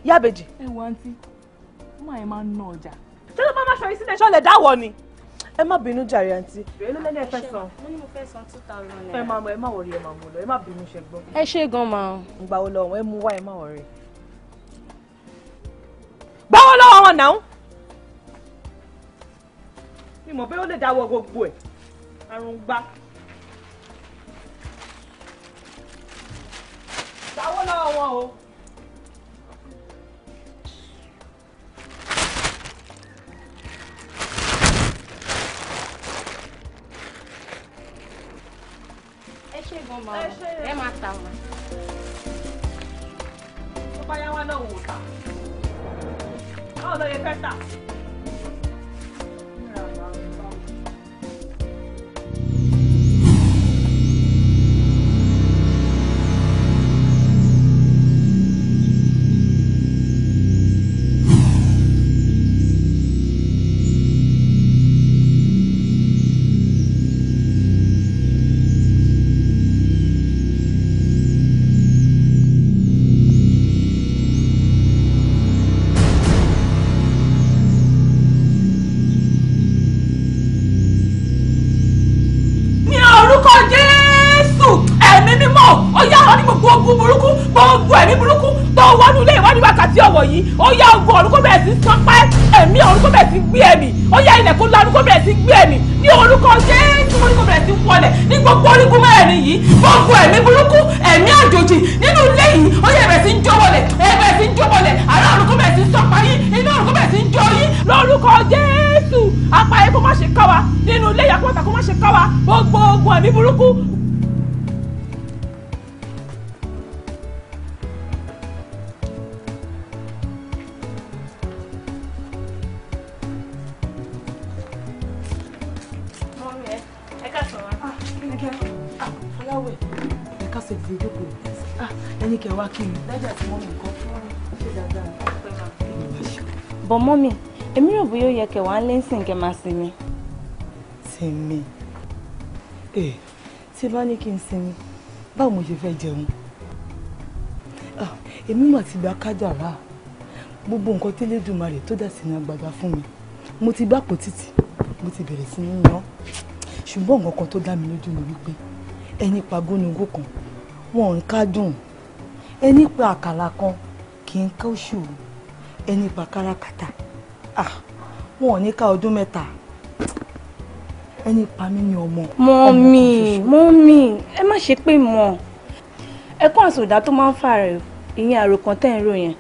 yábejì. ẹ wo àǹtí ó máa yẹn máa ń ná ọjà. ṣé ló bá má ṣọyìn sílẹ̀ ṣọlẹ̀ dáwọ̀ ni. ẹ má bínú jàre àǹtí. èló lẹ́nu ẹ fẹ́ san. mo ní mo fẹ́ san two thousand naira. ẹ máa mọ ẹ má wọrí ẹ máa mú lọ ẹ má bínú ṣe gbọ́. ẹ ṣe gan ma. gbà wo lọ wọn ẹ mú wá ẹ má wọrí. gbáwó lọ́wọ́ wọn náà. mi mọ̀ pé ó lè dáwọ́ gbogbo ẹ̀ àrùn gbá. gbáwó lọ́wọ́ wọn o. ṣe gan ma ẹ máa tà mà. tó bá yá wa náà wò ó bẹ̀rẹ̀ sí sọpẹ́ ẹ̀mí orúkọ bẹ̀rẹ̀ sí gbé ẹ̀mí ó yá ilẹ̀ kó bẹ̀rẹ̀ sí gbé ẹ̀mí ní orúkọ jésù orúkọ bẹ̀rẹ̀ sí wọlé ní gbogbo orígun mẹ́rin yìí gbogbo ẹ̀mí burúkú ẹ̀mí àjòjì nínú ilé yìí ó yá bẹ̀rẹ̀ sí ń jó wọlé bẹ̀rẹ̀ sí ń jó wọlé ará orúkọ bẹ̀rẹ̀ sí sọpẹ́ yín inú orúkọ bẹ̀rẹ̀ sí ń jó yín lórúkọ jésù apá ẹ̀ má ṣe káwa nínú ilé yàtọ̀ kó má ṣe káwa gbogbo ogun ẹ̀mí burúkú mọ́mì èmi rò bóyá ó yẹ kẹ́ wá ń lé sìn kẹ́ máa sinmi. sinmi ee eh, tí bá ní kí n sinmi báwo mo ṣe fẹ́ jẹun ah, èmi mà ti gba kádàrá gbogbo nǹkan tí Elédùmarè tó dà sínú agbada fún mi mo ti bá pò mo ti bẹ̀rẹ̀ sí ní yan ṣùgbọ́n nǹkan kan tó dá mi lójú ni wípé ẹni pa gónúgó kan wọn ò ń kádùn ẹni pa àkàlà kan kì í ká òṣù ẹni pàkàràkàtà ah, wọn ò ní ká ọdún mẹ́ta ẹni pa mí ni ọmọ. mọ́mì mọ́mì ẹ má ṣe pé mọ́ ẹkún àsòdá tó máa ń fà rẹ̀ ìyẹn àròkàn tẹ́ ń rò yẹn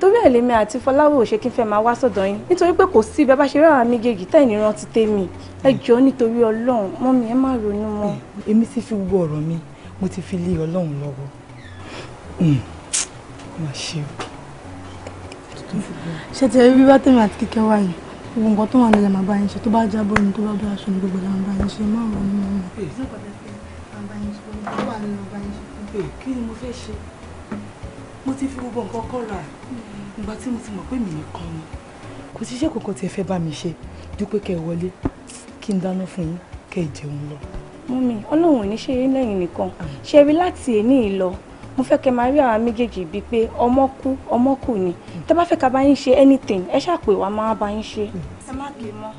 torí ẹ̀ lèmi àti fọláwò ṣe kí n fẹ́ máa wá sọ̀dọ̀ yín nítorí pé kò sí bí ṣe ráwa méjèèjì tẹ́ ìníran ti tẹ́ mi ẹ jọ̀ọ́ nítorí ọlọ́run mọ́mì ẹ má ronú mọ́. èmi sì fi gbogbo ọ̀rọ̀ mi mo ti fi lé ọlọ́run lọ́wọ́. Hmm. má ṣe o ṣe ti rí bá tèmi àti kíkẹ́ wà yìí gbogbo nǹkan tó wà nílẹ̀ màá bá yín ṣe tó bá jábọ̀ ní tó bá bá aṣọ ní gbogbo làwọn bá yín ṣe má wà nínú ọmọ. kí ni mo fẹ́ ṣe mo ti fi gbogbo nǹkan kọ́ ra ìgbà tí mo ti mọ̀ pé mi nìkan ni kò sí iṣẹ́ kankan tí ẹ fẹ́ bá mi ṣe dúpẹ́ kẹ́ ẹ wọlé kí n dáná fún yín kẹ́ ẹ jẹun lọ. mọ́mí ọlọ́run ò ní ṣe é lẹ́yìn nìkan ṣe rí láti èní ìlọ mo fẹ́ kẹ́ máa rí àwọn méjèèjì bíi pé ọmọ kú ọmọ kù ni tẹ́ bá fẹ́ ká bá yín ṣe anything ẹ ṣáà pè wá máa bá yín ṣe. ẹ má kì í mọ.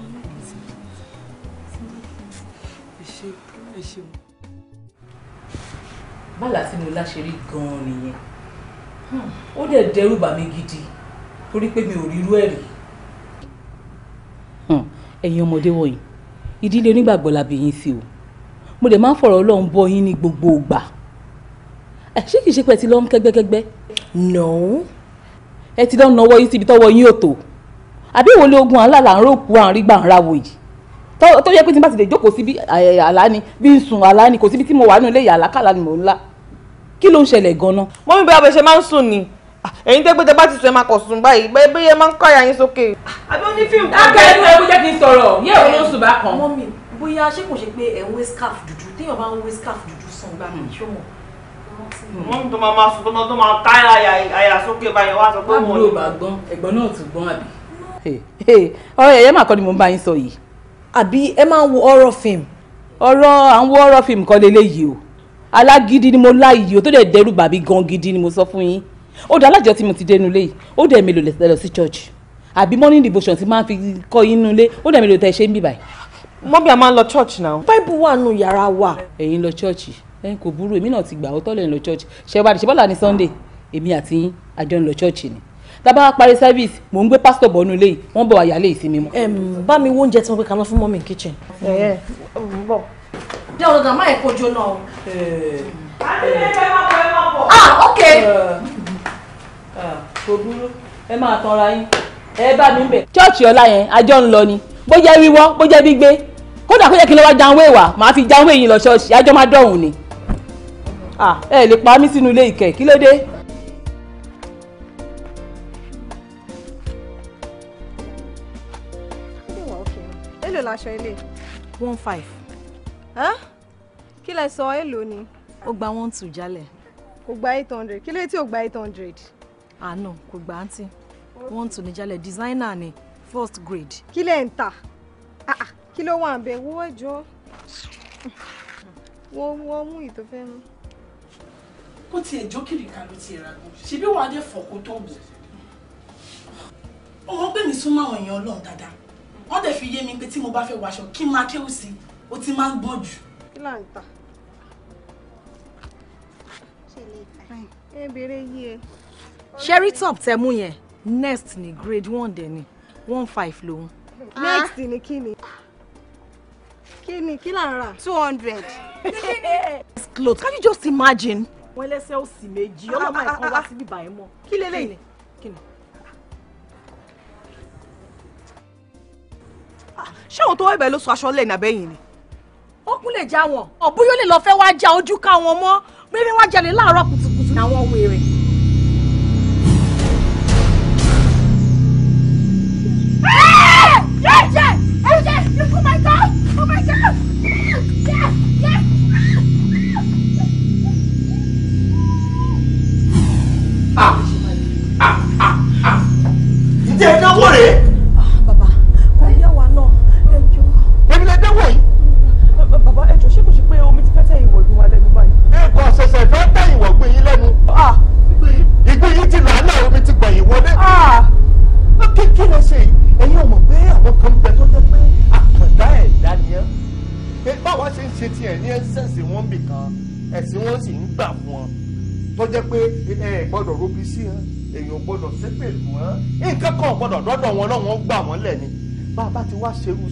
bálà tí mo láṣẹrí gan-an nìyẹn hmm, ó dẹ̀ dẹ́rù bà mí gidi torí pé mi ò rí irú ẹ̀ rí. Hmm, ẹ̀yin ọmọdé wọ̀nyí ìdílé onígbàgbọ́ la yín sí o mo dẹ̀ máa ń fọ̀rọ̀ Ọlọ́run bọ yín ní gbogbo ìgbà ẹ ṣé kìí ṣe pé ẹ ti lọ ń kẹ́gbẹ́kẹ́gbẹ́. no. ẹ ti lọ náwó yín síbi tọ́wọ́ yín ò tó àbí ìwọlé ogun àńlá là ń rò kú àrùn gbà ń ra wò yìí tó yẹ pé tí n bá ti lè jókòó síbi àlá ni bí n sùn àlá ni kò síbi tí mo wà nínú ilé ìyàlá kàlá ni mò ń la kí ló ń ṣẹlẹ̀ gan-an. mọ́mí bí abẹ́ṣe máa ń sùn ni ah, ẹ̀yin tẹ́ pé tẹ́ bá ti sùn ẹ̀ máa kọ̀ sùn báyìí bẹ́ẹ̀ bẹ́ẹ̀ máa ń kọ́ àyà yín sókè. àbí ó ní fíìmù. dákẹ́ ẹnu ẹ jẹ́ kí n sọ̀rọ̀ yé òun ló ń sùn bá kan. mọ́mí bóyá ṣé kò ṣe pé ẹ̀ ń wé scarf dúdú téèyàn bá ń wé scarf dúdú sàn gbà mí ṣó wọ́n tó máa máa sùn tó máa tá àyà sókè báyìí wá sọ pé wọ́n. wọ́n bá gbọ́n ẹ̀gbọ́n náà tún gbọ́n àbí. ọ̀rọ̀ ẹ̀yẹ́ mà kọ́ ni mo ń bá yín sọ yìí. àbí ẹ máa ń wo horror film. ọ̀rọ̀ à ń wo horror film kọ́ leléyìí o alágídí ni mo láàyè o tó dẹ̀ dẹ́rù bàbí gan gidi ni mo sọ fún yín ó dá alájọ tí mo ti dénú lé yìí ó dẹ̀ mi lò lọ sí church àbí morning devotion ti máa ń fi kọ́ yín nulẹ̀ ó dẹ̀ mi lò tẹ̀ ṣe ń bì báyìí. mọ́bí a máa ń lọ church náà. báìbù wà nù yàrá wa. ẹ̀yin lọ church ẹ kò burú èmi náà ti gbà ó tọ́lẹ̀ ń lọ church ṣe wá ṣe bọ́lá ní sunday èmi àti yín àjọ ń lọ church ni tábà parí service mò ń gbé pásítọ̀ bọ̀ ọ́nú ilé yìí wọ́n bọ̀ àyálé ìsinmi mọ́. bá mi wo oúnjẹ tí mo gbé kaná fún mọ́mí kitchen. ẹ ẹ bọ. jẹ́ ọ̀dọ̀dọ̀ máa ẹ̀kọ́ jóná o. ah ok. Ah, kò burú ẹ máa tanra yín ẹ bá mi bẹ̀. chọ́ọ̀chì ọ̀la yẹn àjọ ń lọ ni bó jẹ́ wíwọ́ bó jẹ́ gbígbé kódà kó yẹ kí n lọ́wọ́ janwé wà màá fi janwé yìí lọ ṣọ́ọ̀ṣì àjọ máa dọ̀hùn ni. Ah, ẹ lè pa mí sínú ilé ìkẹ́ kí ló dé. èlò làṣọ ilé. one five. kí lẹ sọ èlò ni. ó gba one two jálẹ̀. kò gba eight hundred kí ló tí ò gba eight hundred. àná ah, kò gbà á ti one two ni jálẹ̀ designer ni first grade. kí lẹ ń tà ah, kí ló wà ń bẹ wọ́n jọ wọ́n mú ìtọ́fẹ́ mu bó tiẹ̀ jókèrè ká ló tiẹ̀ ra gbọ́ ṣebí wàá dé fọ̀ kó tó wù. ọwọ́ pè mí súnmọ́ àwọn èèyàn ọlọ́run dáadáa wọ́n dẹ̀ fi yé mi pé tí mo bá fẹ́ wàṣọ kí n máa kéwù sí ó ti máa ń gbọ́n jù. kí là ń tà ẹ bèrè sherry top tẹ mú yẹn next ni grade one dẹ ni one five lòun. Ah. next ni kí ni kí ni kí là ń rà. two hundred. <laughs> clothes can you just imagine pọ́n ẹlẹ́sẹ̀ òsì méjì ah, ah, ọlọ́mọ ah, ẹ̀kan wá síbí bàyẹn mọ́. kí lélẹ́yìn kí ni. ṣé òun tó wá ibẹ̀ ló sọ aṣọ lẹ́yìn abẹ́yìn ni. ó kún lè já wọn ọ̀bùn yóò lè lọ fẹ́ wá já ojú ká wọn mọ́ bí wọ́n wá jalè láàárọ̀ kùtùkùtù náà wèrè.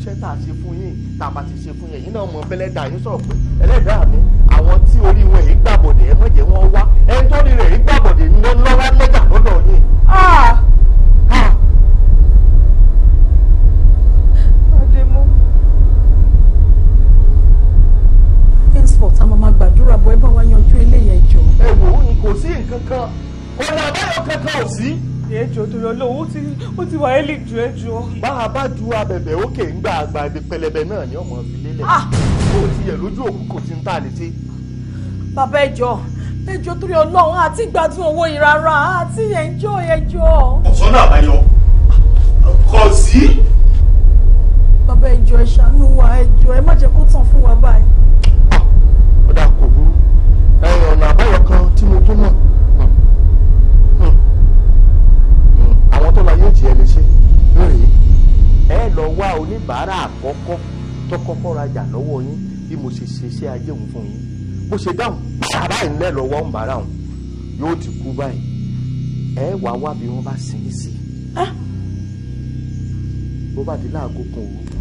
iṣẹ́ tá a ṣe fún yín tá a bá ti ṣe fún yín ẹ̀yin náà mọ̀ bẹ́lẹ́dà yín sọ̀rọ̀ pé bàbá ẹjọ́ ẹjọ́ torí ọlọ́run àti gbádùn owó yìí rárá àti ẹjọ́ ẹjọ́. ọ̀sán àbáyọ kò sí. bàbá ẹjọ́ ẹ ṣàánú wa ẹjọ́ ẹ má jẹ́ kó tàn fún wa báyìí. ó dà kò burú ọ̀nà àbáyọ kan tí mo tún mọ̀ hmm. Hmm. Hmm. àwọn tó la yóò jẹ́ ẹ lè ṣe lórí ẹ lọ wá oníbàárà àkọ́kọ́ tó kọ́kọ́ rajà lọ́wọ́ yín bí mo ṣe ṣe iṣẹ́ ajé òun fún yín bó ṣe dáhùn bàárà òun yóò ti kú báyìí ẹ wàá wá bí wọ́n bá sin ín sí bó bá ti láàkókò òru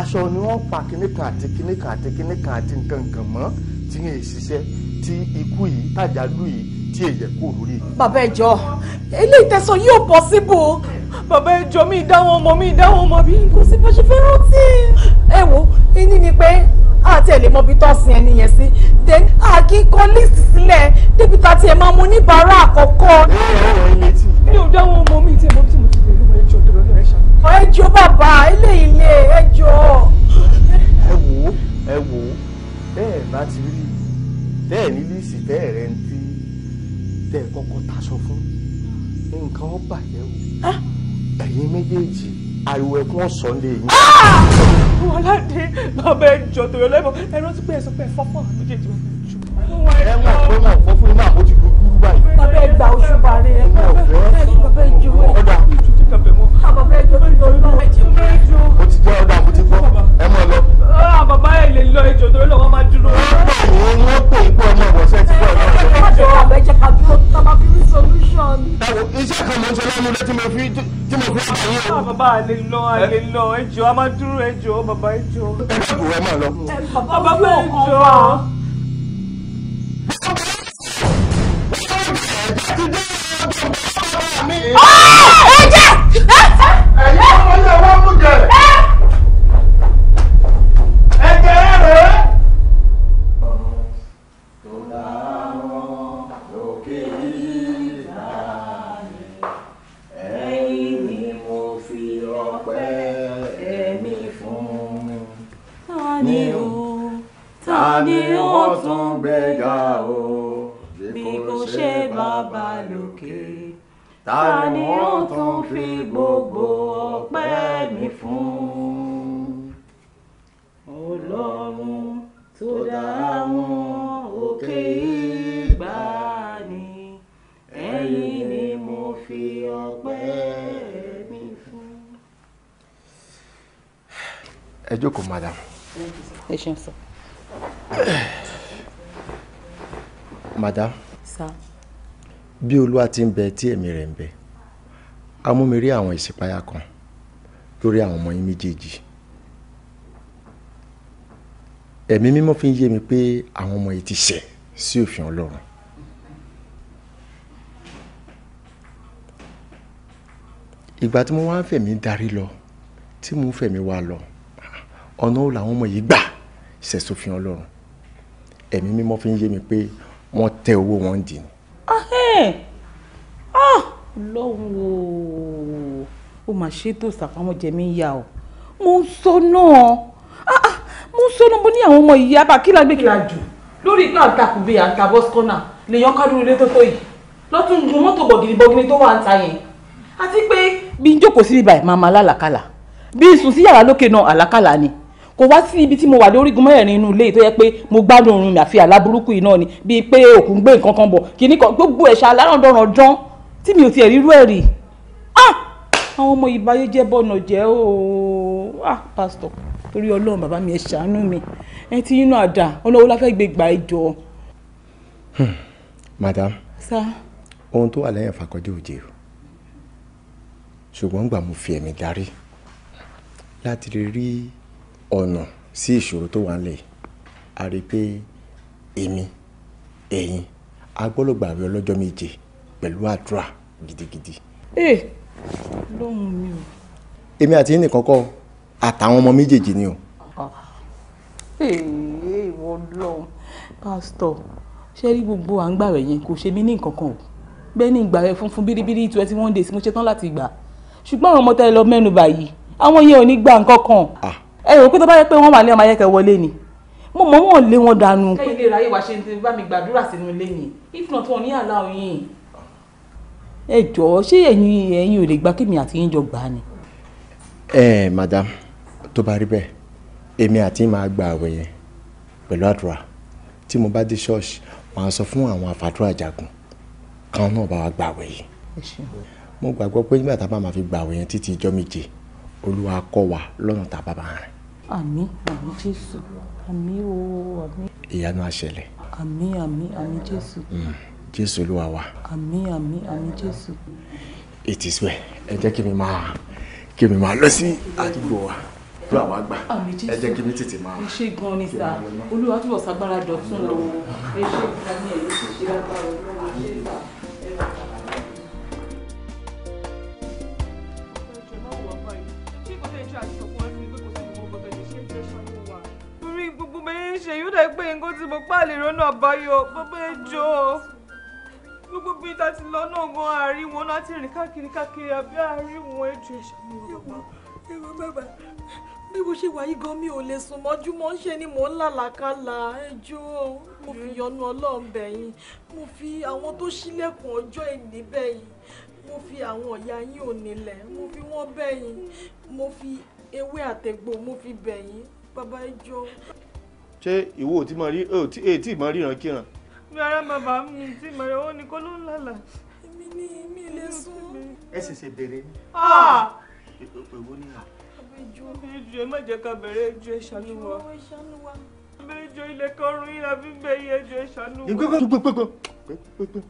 aṣọ ni wọ́n pa kinní kan àti kinní kan àti kinní kan àti nǹkan kan mọ́ tí yẹn ṣiṣẹ́ tí ikú yìí tàjálù yìí tí èyẹ kò lórí. bàbá ẹjọ eléyìí tẹsán yóò bọ síbò bàbá ẹjọ mi ìdáhùn ọmọ mi ìdáhùn ọmọ mi kò sí bó ṣe fẹ́ rántí. ẹ wo ẹni ni pé àti ẹ̀ lè mọ ibi tó sin ẹni yẹn sí then àkí kọ list sílẹ̀ débi tá a ti ẹ̀ máa mú oníbàárà àkọ́kọ́. mi ò dáhùn ọmọ mi ìtẹ̀mọ́ bí mo ẹjọ́ bàbá eléyìí lé ẹjọ́. ẹ wò ó ẹ wò ó bẹ́ẹ̀ bá ti rí bẹ́ẹ̀ ní lísì bẹ́ẹ̀ rẹ ń tí tẹ́ ẹ kọ́kọ́ taṣọ fún nǹkan ó bàjẹ́ o ẹ̀yin méjèèjì ariwo ẹkún ọ̀sán lè yín. ọlọ́dẹ bàbá ẹjọ tòyọ lẹ́mọ ẹran ti pẹ́ ẹ sọ pé ẹ fọ́fọ́ méjèèjì wọn jù. ẹ máa fẹ́ máa fọ́ fún yín máa bó ti gbúgbúrú báyìí. bàbá ẹ gbà oṣù bàrẹ̀ ẹ bàbá ẹ jù. ọ̀dà fi kàn bẹ̀ mọ́. àbàbà ẹjọ́ tó ń lọ iná ẹjọ́ tó ń jó. o ti gbọ́ ọ̀dà mo ti ẹ mọ̀ lọ. àbàbà ẹ lè lọ ẹjọ́ tó lọ́wọ́ máa dúró. wọ́n pè é wọ́n pè é pé ọmọ ìwọ̀sẹ̀ ti gbọ́ ọ̀dà ọ̀sẹ̀. ẹjọ́ àbẹ̀jẹ̀ kà dúró tá a máa fi rí solution. iṣẹ́ kan mo ń ṣe lánàá tí mo fi tí mo fi àbáyé bàbá àlè lọ àlè lọ ẹjọ́ a máa dúró bàbá ẹjọ́. ẹ dẹ́kun ẹ máa lọ. bàbá ẹjọ́. Ah! madam. ẹ ṣeun sọ. madam. sá. bí olúwa ti ń bẹ tí ẹ̀mí rẹ̀ ń bẹ a mú mi rí àwọn ìṣípayá kan lórí àwọn ọmọ yín méjèèjì ẹ̀mí mímọ́ fi ń yé mi pé àwọn ọmọ yìí ti ṣẹ̀ sí òfin ọlọ́run ìgbà tí mo wá ń fẹ̀mí darí lọ tí mo ń fẹ̀mí wá lọ ọ̀nà wo làwọn ọmọ yìí gbà ṣẹ̀sófin ọlọ́run ẹ̀mí mímọ́ fi ń yé mi pé wọ́n tẹ owó wọn dì ní. Ah! lọ́hùn o ó mà ṣe tó sàpamọ́ jẹ̀mí yá o mo ń sọ náà ah, ah! mo ń sọ náà mo ní àwọn ọmọ yìí yábà kí lágbé kí lájù lórí ìpín àtàkùnbé àtàbọ́sọ́nà lèèyàn kádùn ilé tó tó yìí lọ́tún gun mọ́tò bọ̀gìnìbọ̀gìnì tó wà ń ta yẹn àti pé. bí n jókòó sí ibà ẹ̀ máa ma lálàkàlà bí n sùn sí yàrá lókè náà àlàkàlà ni kò wá sí ibi tí mo wà lórí gun mẹ́rin inú ilé tó pé mo gbádùn oorun mi àfi àlábùrúkú yìí náà ni bíi pé òkú ń gbé nǹkan kan bọ̀ kìíní kan gbogbo ẹ̀ṣà aláràndọ̀ràn dán tí mi ò tiẹ̀ rírú ẹ̀ rí ah! àwọn ọmọ ìbáyé jẹ́ bọ́nà jẹ́ ooo ah pastor torí ọlọ́run bàbá mi ẹ̀ ṣàánú mi ẹ ti yín náà dà ọlọ́wọ́ la fẹ́ gbé gbà ẹ jọ. Hmm. madam sa ohun tó wà lẹ́yìn fàkọ́dé òjè o ṣùgbọ́n gbà mo fi ẹ̀mí darí láti rí ọ̀nà sí ìṣòro tó wà nílẹ̀ a rí i pé èmi ẹ̀yin a gbọ́dọ̀ gbàwé ọlọ́jọ́ méje pẹ̀lú àdúrà gidigidi. ee lóhùn mi o. èmi àti ẹnì kọ́kọ́ àtàwọn ọmọ méjèèjì ni o. ee ìwọ lọ́hùn pásítọ̀ ṣé rí gbogbo à ń gbàwẹ̀ yẹn kò ṣe mí ní nǹkan kan o bẹ́ẹ̀ ni ìgbàwẹ̀ funfun bíríbírí twenty one days mo ṣetán láti gbà ṣùgbọ́n àwọn ọmọ tá ẹ lọ mẹ́nu báyìí àwọn yẹn ò ní gbà nǹkan kan. ah ẹ rò pé tó bá yẹ pé wọ́n wà ní ọmọ ayẹ́kẹ́ wọlé ni mo mọ̀ wọ́n lé wọn dànù. kẹ́yìn lè ráyè wá ṣe ní bá mi gbàdúrà sínú ilé yìí if not wọn ní àlá òyìn. ẹ jọ̀ọ́ ṣé ẹ̀yin ẹ̀yin ò lè gba kí mi àti yín jọ gbà á ni. ẹ madam tó bá rí bẹ́ẹ̀ èmi àti yín máa gba àwẹ̀ yẹn pẹ̀lú àdúrà tí mo bá dé ṣọ́ọ̀ṣì màá sọ fún àwọn àfàdúrà jagun káwọn náà bá wa gba àwẹ̀ yìí mo gbàgbọ́ pé nígbà tá a bá máa fi gba àwẹ̀ yẹn títí ijọ́ méje olúwa kọ́ wa lọ́nà tá a bá bá rìn àmín àmín jésù àmín o àmín. ìyanu á ṣẹlẹ̀. àmín àmín àmín jésù. Hmm, jésù olúwa wa. àmín àmín àmín jésù. it is well ẹ jẹ́ kí mi máa kí mi máa lọ sí àdúgbò wa tó àwọn àgbà ẹ jẹ́ kí mi tètè máa. ẹ ṣe gan ni sá olúwa túbọ̀ ságbára dọ̀tún o ẹ ṣe gan ni ẹ ló ti ṣe lágbára olúwa ṣe sá. gbé yín ṣe yóò dẹ̀ pé nǹkan tí mo pàlè rọ́nà àbáyọ gbogbo ẹjọ́ gbogbo bí ta ti lọ náà gan àárín wọn láti rìn káàkiri káàkiri àbí àárín wọn ìṣàmúlò bàbá. ẹ̀rọ bàbá bí mo ṣe wà yí gan mi ò lè sùn mọ́júmọ́ ń ṣe ni mò ń làlàkàlà ẹjọ́ mo fi yọnu ọlọ́run bẹ̀yìn mo fi àwọn tó ṣílẹ̀kùn ọjọ́ ìní bẹ̀yìn mo fi àwọn ọ̀yà yín ò nílẹ̀ mo fi wọ́n bẹ̀yìn mo fi ewé àtẹ̀gbò mo fi bẹ̀yìn bàbá ẹjọ́ ṣé ìwọ ò tí mọ rí èyí tí mọ ríran kíran. rárá bàbá mi tí mo rẹ̀ wọ́n ní kó ló ń lálà. èmi ni èmi lè sún. ẹ ṣẹ̀ṣẹ̀ bẹ̀rẹ̀ ni. èwo ah! ni à. àbẹjọ ẹjọ ẹ má jẹ́ ká bẹ̀rẹ̀ ẹjọ ẹ ṣàánú wa. àbẹjọ ilẹ̀ kan rún yín àbí bẹ́ẹ̀ ẹjọ ẹ ṣàánú wa. gbẹgbẹ gbẹgbẹ gbẹgbẹ.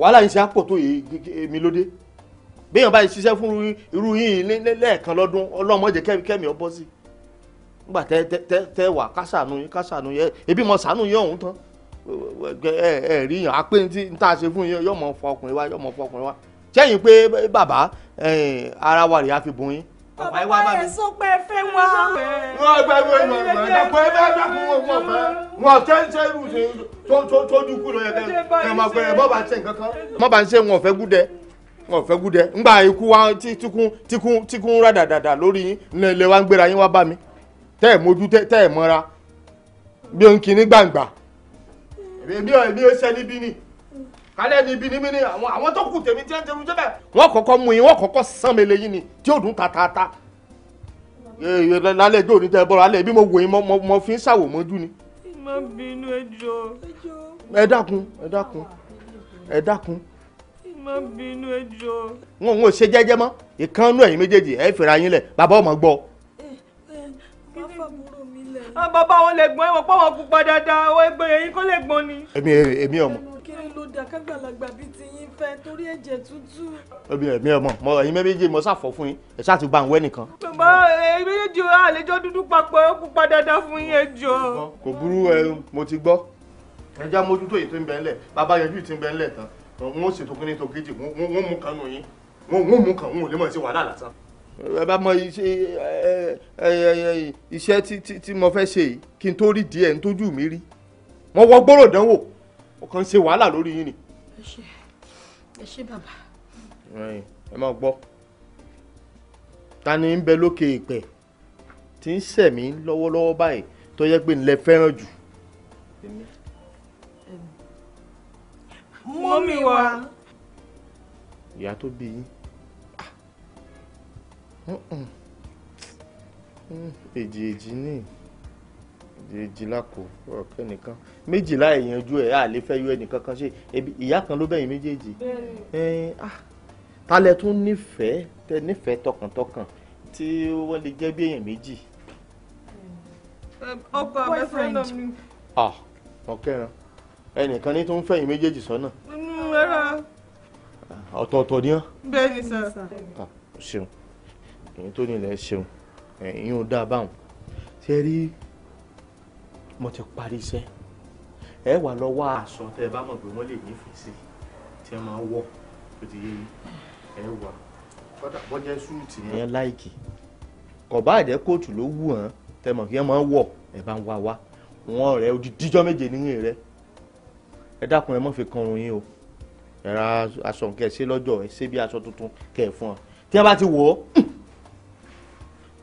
wàhálà yìí ṣe àpò tó yẹ èmi lóde. béèyàn báyìí ṣiṣẹ́ fún irú yín lẹ́ẹ̀kan lọ́dún ọlọ́mọdé kẹ́mi ọ bọ́ sí nígbà tẹ tẹ tẹ wà kásànù yín ebi mọ sànù yín ọ̀hún tán ẹ ẹ rí yàn á pé ní a ṣe fún yín yọmọ fọ ọkùnrin wá yọmọ fọ ọkùnrin wa sẹ́yìn pé bàbá ara wa rèé á fi bùn bàbá ẹ sọ pé fẹ́ wá. ọ̀fẹ́ gúdẹ ńgbà ikú wa tíkún tíkún tíkún lórí nílẹ̀ wa ń gbéra yín wá bá mi tẹ́ ẹ̀ mójú tẹ́ ẹ̀ mọ́ra bí kìíní gbàǹgbà èmi ò èmi ò bí ni kálẹ̀ ni ibi níbí àwọn àwọn tó kù tèmi ń jẹun wọ́n kọ́kọ́ mo wò yín mo fi ń ṣàwò mọ́jú ni. má bínú ẹjọ́. n ò ṣe jẹ́jẹ́ mọ́ ìkànnú ẹ̀yin méjèèjì ẹ̀ fìrà yín lẹ̀ bàbá ọmọ gbọ́. Ah, bàbá wọn lè gbọ́n ẹ̀wọ̀n pọ̀ wọn pupa dáadáa ọwọ́ ẹgbẹ́ yẹn kó lè gbọ́n ni. èmi èmi ọmọ. kiri ló dà kágbàlagbà bíi ti yín fẹ́ torí ẹ̀jẹ̀ tútù. èmi èmi ọmọ mo ẹ̀yin méjèèjì mo ṣàfọ̀ fún yín ẹ̀ ṣáà ti gba àwọn ẹnìkan. bàbá ẹ̀yin méjèèjì àlejò dúdú papọ̀ ó pupa dáadáa fún yín ẹjọ́. kò burú ẹ mo ti gbọ́ ẹ já mójútó èyí tó ń bẹ ńlẹ̀ bàbá yẹjú ti ń bẹ ńlẹ̀ tán wọ́n ṣètò kí ní tó gíjì wọ́n mú kanú yín wọ́n mú kan wọn ò lè mọ̀ sí wàhálà lásán. ẹ bá mọ iṣẹ́ tí mo fẹ́ ṣe yìí kí n tó rí díẹ̀ n tójú mi rí wọ́n wọ́ gbọ́rọ̀ dánwò ọkàn ṣe wàhálà lórí yín ni. ẹ ṣé ẹ ṣé bàbá. ẹ máa gbọ́ ta ni ń bẹ lókè ìpẹ́ tí ń ṣẹ̀mí lọ́wọ́lọ́wọ́ báyìí tó yẹ pé ń lẹ fẹ́ràn jù. èmi mọ́mí wa. ìyá tó bí yín èjì èjì ní èjì lákò ọ̀kẹ́ nìkan méjìlá ìyanjú ẹ̀ àlè fẹ́ yọ ẹnìkan kan ṣe ìyá kan ló bẹ̀yìn méjèèjì talẹ̀ tún nífẹ̀ẹ́ tẹ nífẹ̀ẹ́ tọkàntọkàn tí wọ́n lè jẹ́ bí èèyàn méjì. ọkọ abẹ́fẹ́ náà ni. ọ̀kẹ́ran ẹnìkan ní tó ń fẹ̀yìn méjèèjì sọ́nà. rárá. ọ̀tọ̀ọ̀tọ̀ ni wọ́n. bẹ́ẹ̀ ni sà. ṣeun èyí tó nílẹ̀ ṣeun ẹ̀yin ò dáa báwọn ṣe rí mo ti parí iṣẹ́ ẹ wà lọ́wọ́ aṣọ tẹ́ ẹ bá mọ̀ pé wọ́n lè nífẹ̀ẹ́ sí tí ẹ máa wọ̀ tó ti yé yín ẹ wà kọ́dà bọ́jẹ́ súùtì yẹn láìkì kọ̀bá àjẹ́ kóòtù ló wù hàn tẹ́ mọ̀ kí ẹ máa wọ̀ ẹ bá ń wá wá wọn rẹ odidi méje nínú rẹ ẹ dákun ẹ mọ̀ fi kan òun yín o ẹ̀ra aṣọ nǹkan ẹ̀ ṣe lọ́jọ́ ẹ̀ ṣe bí aṣọ tuntun kẹ̀ fún ọ tí wọ́n bá ti wọ̀ ọ́.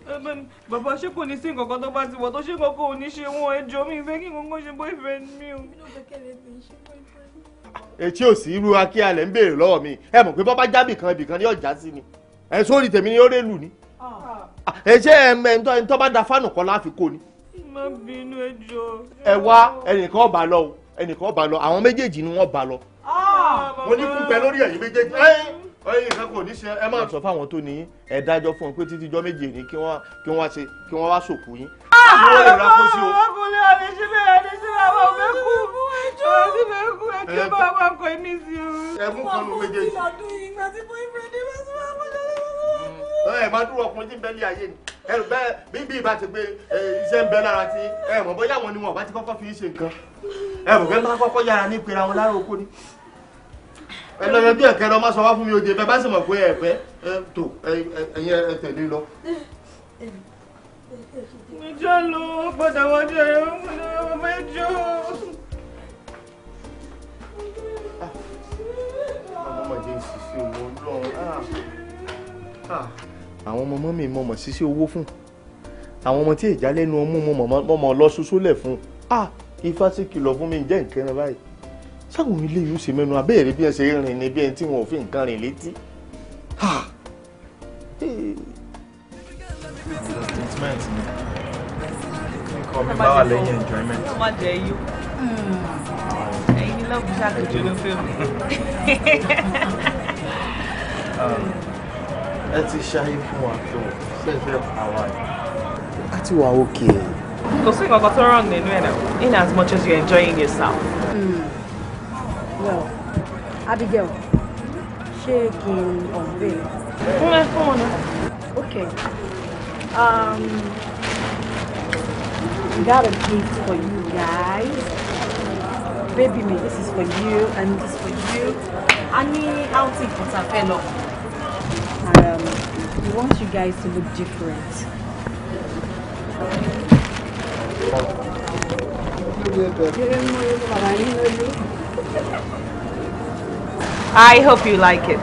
Hmm. bàbá ṣé kò ní sí nǹkan kan tó bá ti wọ̀ tó ṣe kókó ò ní ṣe wọn ẹjọ́ mi ìfẹ́ kí nǹkan kan ṣe boyfriend mi o. etí ò sí irú akí alẹ̀ ń béèrè lọ́wọ́ mi ẹ mọ̀ pé bọ́bá jábì kan ibì kan ní ọ̀já sí ni ẹ sórí tèmi ni ó rè lù ni ah. ẹ ṣe ẹ ń tọ́ bá da fánù kan láfikún ni. ẹ má bínú ẹjọ́. ẹ wá ẹnìkan ọba lọ́wọ́ ẹnìkan bá lọ àwọn méjèèjì ni wọ́n bá lọ. Ah! mo ní kún lórí ẹ̀yin méjèèjì mm-hmm. ẹ̀yin nǹkan kò ní ṣe ẹ máa sọ fáwọn tó ní ẹ fún un pé títí jọ́ méje ni kí wọ́n ṣe kí wọ́n wá sòkú yín. àwọn ah! ọkùnrin àmì sílẹ̀ àmì sílẹ̀ àwọn ọmọ ẹkú ọmọ ẹkú ẹkú bá wà kọ́ ẹ̀mí sí i. ẹ̀mú kan ló méjèèjì. ọdún ìgbà tí mo ń fẹ́ dé bá sọ wà pọ̀ lọ́wọ́ ẹ máa dúró ọkùnrin tí ń bẹ ní ayé ni ẹrù bẹ́ẹ̀ bí bí ìbá ti gbé iṣẹ́ ń bẹ lára tí ẹ mọ̀ bóyá wọn ni wọn bá ti kọ́kọ́ fi ṣe nǹkan ẹ mọ̀ bẹ́ẹ̀ bá kọ́kọ́ yára ní ìpera wọn lára oko ni. ẹ lọ bí ẹ̀kẹ́ lọ máa sọ wá fún mi òde bẹ́ẹ̀ bá sì mọ̀ pé ẹ fẹ́ ẹ tò ẹ̀yẹ ẹ tẹ̀lé lọ. ìjọ ló gbọ́dọ̀ wọ́n jẹ́ ọmọ ìjọ. Ah, ọmọ ọmọdé ń ṣiṣẹ́ òun ọlọ́run ah, ah àwọn ọmọ mọ́mì mọ̀ mọ̀ sísí owó fún àwọn ọmọ tí ìjà lẹ́nu ọmú mọ̀ mọ̀ lọ ṣoṣo lẹ̀ fún ah ifá sì kìlọ̀ fún mi jẹ́ nǹkan rẹ báyìí sáwọn ilé yìí ó ṣe mẹ́nu abẹ́rẹ́ bí ẹ ṣe rìn ní bí ẹni tí wọn ò fi nǹkan rìn létí. entertainment hmm. ni nǹkan mi bá wà lẹ́yìn enjoyment. ọmọ jẹ yó ẹyin ni lọ́ọ̀bù ṣàkóso ló fẹ́ mi. <laughs> ẹ ti ṣayé fún wa tó ṣẹ̀ṣẹ̀ àwa yìí. a ti wà òkè. kò sí nǹkan tó rán nínú ẹ̀ náà in as much as you are enjoying yourself. Hmm. well Abigail ṣé kí n ọ̀nbẹ́. fún ẹ fún ọ náà. okay um, we got a gift for you guys baby me this is for you and this is for you a ní outing kan tá fẹ́ lọ. We want you guys to look different. I hope you like it.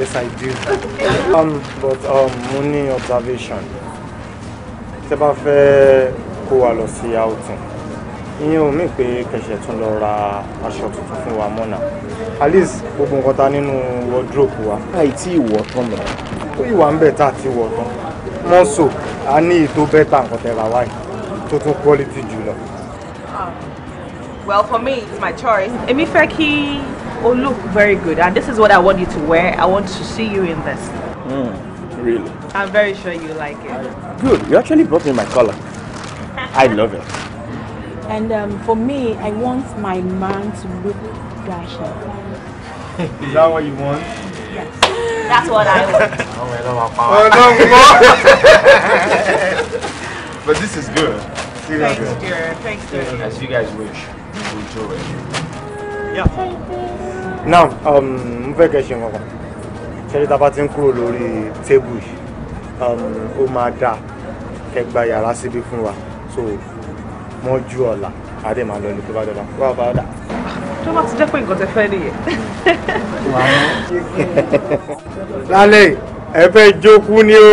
Yes, I do. um, but um, mo observation. Tẹ́ bá fẹ́ kó wa lọ sí outing ìyẹn ò mí pé kẹsẹ̀ tún lọ ra aṣọ tuntun fún wa mọ́nà at least gbogbo nǹkan ta nínú wardrobe wa. láì ìwọ tán mọ. ó ìwà ń bẹ̀ tá a ti wọ̀ tán mọ́sọ̀ a ní ìtò bẹ́tà nǹkan tẹ̀ wáyé tó tún quality jù ah, well for me it's my choice èmi fẹ́ kí o look very good and this is what I want you to wear I want to see you in this. Mm, really? I'm very sure you like it. Good you actually brought me my color I love it. And um, for me, I want my man to look dashing. Is that what you want? Yes. That's what I want. oh, no more. but this is good. See Thanks, dear. Thanks, dear. As you guys wish. Enjoy. Yeah. Now, um, mo fẹ́ kẹ́ ṣe nǹkan. Ṣẹ́rí tá a bá ti ń kúrò lórí tébù yìí, ó máa dáa kẹ́ yàrá síbí fún wa. So, mọ́jú ọ̀la adé máa lọ ní tó bá dọ́là wá bá dà. tó bá ti jẹ́ pé nǹkan tẹ fẹ́ nìyẹn. lálẹ́ ẹ fẹ́ jókòó ni o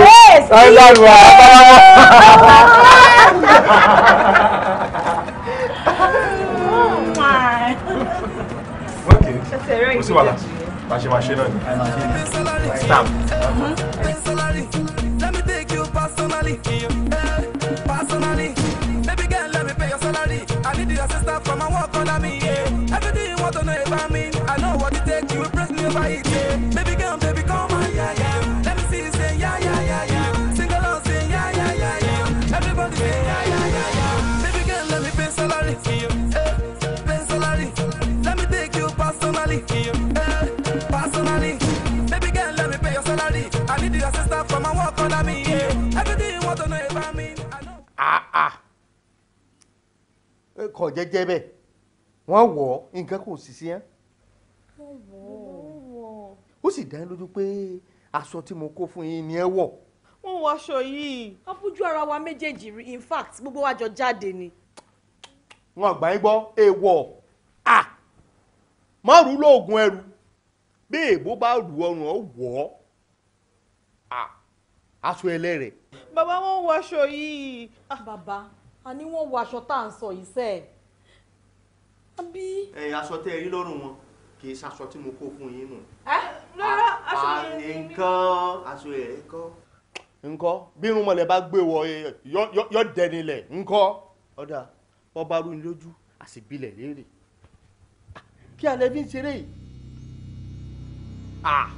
sáńsàlù àbáwọ̀. kò sí wàhálà bá ṣe máa ṣe náà ni. stamp. back from my walk the me. kọ̀ jẹ́jẹ́ bẹ́ẹ̀ wọ́n wọ̀ ọ́ nǹkan kò sì sí ẹ́. ó sì dá lójú pé aṣọ tí mo kó fún yín ni ẹ wọ̀. wọ́n wọ aṣọ yìí wọ́n fojú ara wa méjèèjì rí in fact gbogbo wa jọ jáde ni. wọn gbà yín gbọ́ èèwọ̀ à má rú lóògùn ẹrù bí èèbó bá rù ọrùn ọ wọ̀ ọ́ aṣọ ẹlẹ́rẹ̀. bàbá wọn wọ aṣọ yìí. bàbá a ní wọ́n wọ aṣọ tá à ń sọ yìí sẹ́ẹ̀ àbí. ẹ aṣọ tẹ ẹ rí lọ́rùn wọn kì í ṣaṣọ tí mo kó fún yín nù. ẹ rárá aṣọ yẹn ni mi. nǹkan aṣọ yẹn kọ́. nǹkan bí irun mọ̀lẹ́ bá gbé wọ yọ dẹnilẹ̀ nǹkan ọ̀dà wọ́n bá rú ni lójú àsìbílẹ̀ léèrè ah, kí alẹ́ fi ń ṣeré yìí. Ah!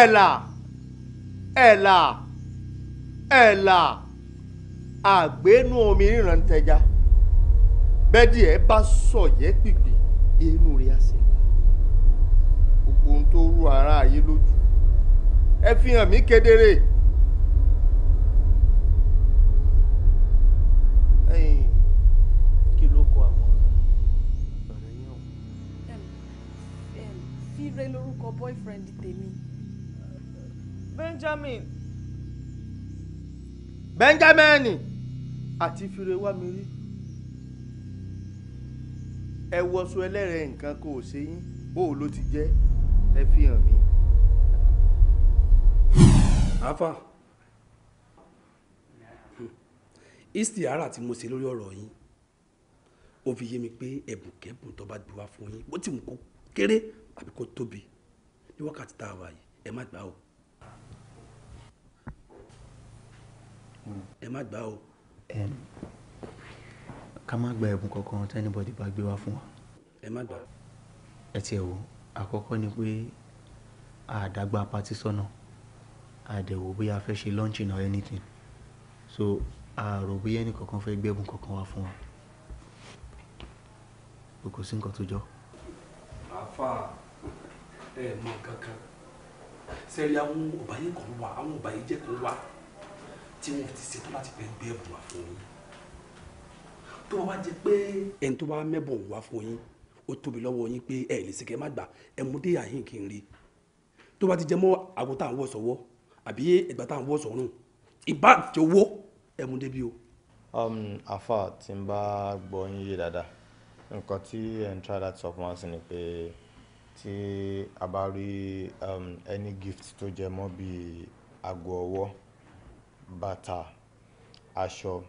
ẹ̀là ẹ̀là ẹ̀là agbenu omi ríran tẹja ẹ̀ bá sọ̀yẹ́ pìpì inú rẹ̀ á sì wá gbogbo ohun benjamin Benjamin, àti fire mi rí ẹ wọṣọ ẹlẹ́rẹ̀ nǹkan kò ṣe yín bó o ló ti jẹ́ ẹ fi hàn mí. àáfà istihara tí mo ṣe lórí ọ̀rọ̀ yín ó fi yé mi pé ẹ̀bùnkẹ́bùn tó bá gbé wá fún yín bó ti mú kó kéré àbí kó tóbi ní wákàtí tá a wà yìí ẹ má gbà o. ẹ má gbà o. ká má gba ẹ̀bùn kankan tẹ́nibọ́dì bá gbé wá fún wa. ẹ má gbà. ẹ tiẹ̀ wò àkọ́kọ́ ni pé àdágbà pátí sọ́nà àdẹ̀wò bóyá a fẹ́ ṣe launching or anything so àrò bóyá ẹnì kankan fẹ́ gbẹ́bùn kankan wá fún wa kò sí nǹkan tó jọ. àáfà ẹ mọ kankan sẹ́yìn àwọn ọ̀bàyẹ́ kan wà àwọn ọ̀bàyẹ́ jẹ́ kan wà tí wọn ti ṣe tó láti fẹ́ gbé wá fún yín tó bá wá jẹ pé ẹni tó bá mẹ́bùn wá fún yín ó tóbi lọ́wọ́ yín pé ẹ lè ṣe kẹ́ má gbà ẹ mú dé àhín kí n rí tó bá ti jẹ mọ́ àgọ́ tá à ń wọ̀ sọ́wọ́ àbí ẹgbà tá à ń wọ̀ sọ́rùn ìbá àti owó ẹ mú débi o. afa um, tí n bá gbọ́ yín yé dáadáa nǹkan tí ẹ̀ ń try that sọ fún wa sí ni pé tí a bá rí um, any gift tó jẹ mọ́ bíi àgọ́ ọwọ́ bàtà aṣọ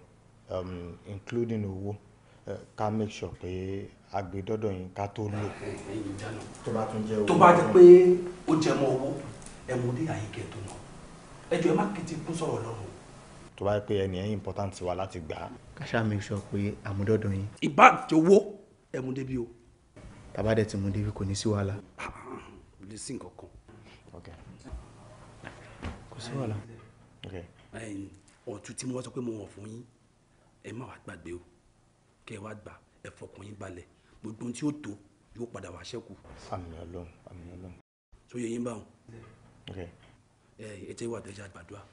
um, including owó eh, ká make sure pé agbèdọ́dọ̀ yín ká tó lò. tó bá tún jẹ́ owó. tó bá jẹ́ pé ó jẹ mọ́ owó ẹ mú dé àyíkẹ́ tó nà ẹ jọ ẹ má kété kún sọ̀rọ̀ lọ́rùn. tó bá yẹ pé ẹni ẹ̀yìn important wa láti gbà. ká make sure pé àmúdọ́dọ̀ yín. ìbá àti owó ẹ mú débi o. bàbá dẹ̀ ti mú débi kò ní sí wàhálà. Ah, lè sí nǹkan kò sí wàhálà. okay ọ̀tún tí mo wá sọ pé mo wọ̀ fún yín ẹ má wá gbàgbé o kẹ ẹ wá gbà ẹ fọkàn yín balẹ̀ gbogbo ohun tí ó tó yóò padà wá ṣẹ́kù. àmì Ọlọ́run àmì Ọlọ́run. tó yẹ yín báwọn. ẹ ẹ tẹ́ wà tẹ́jà gbàdúrà.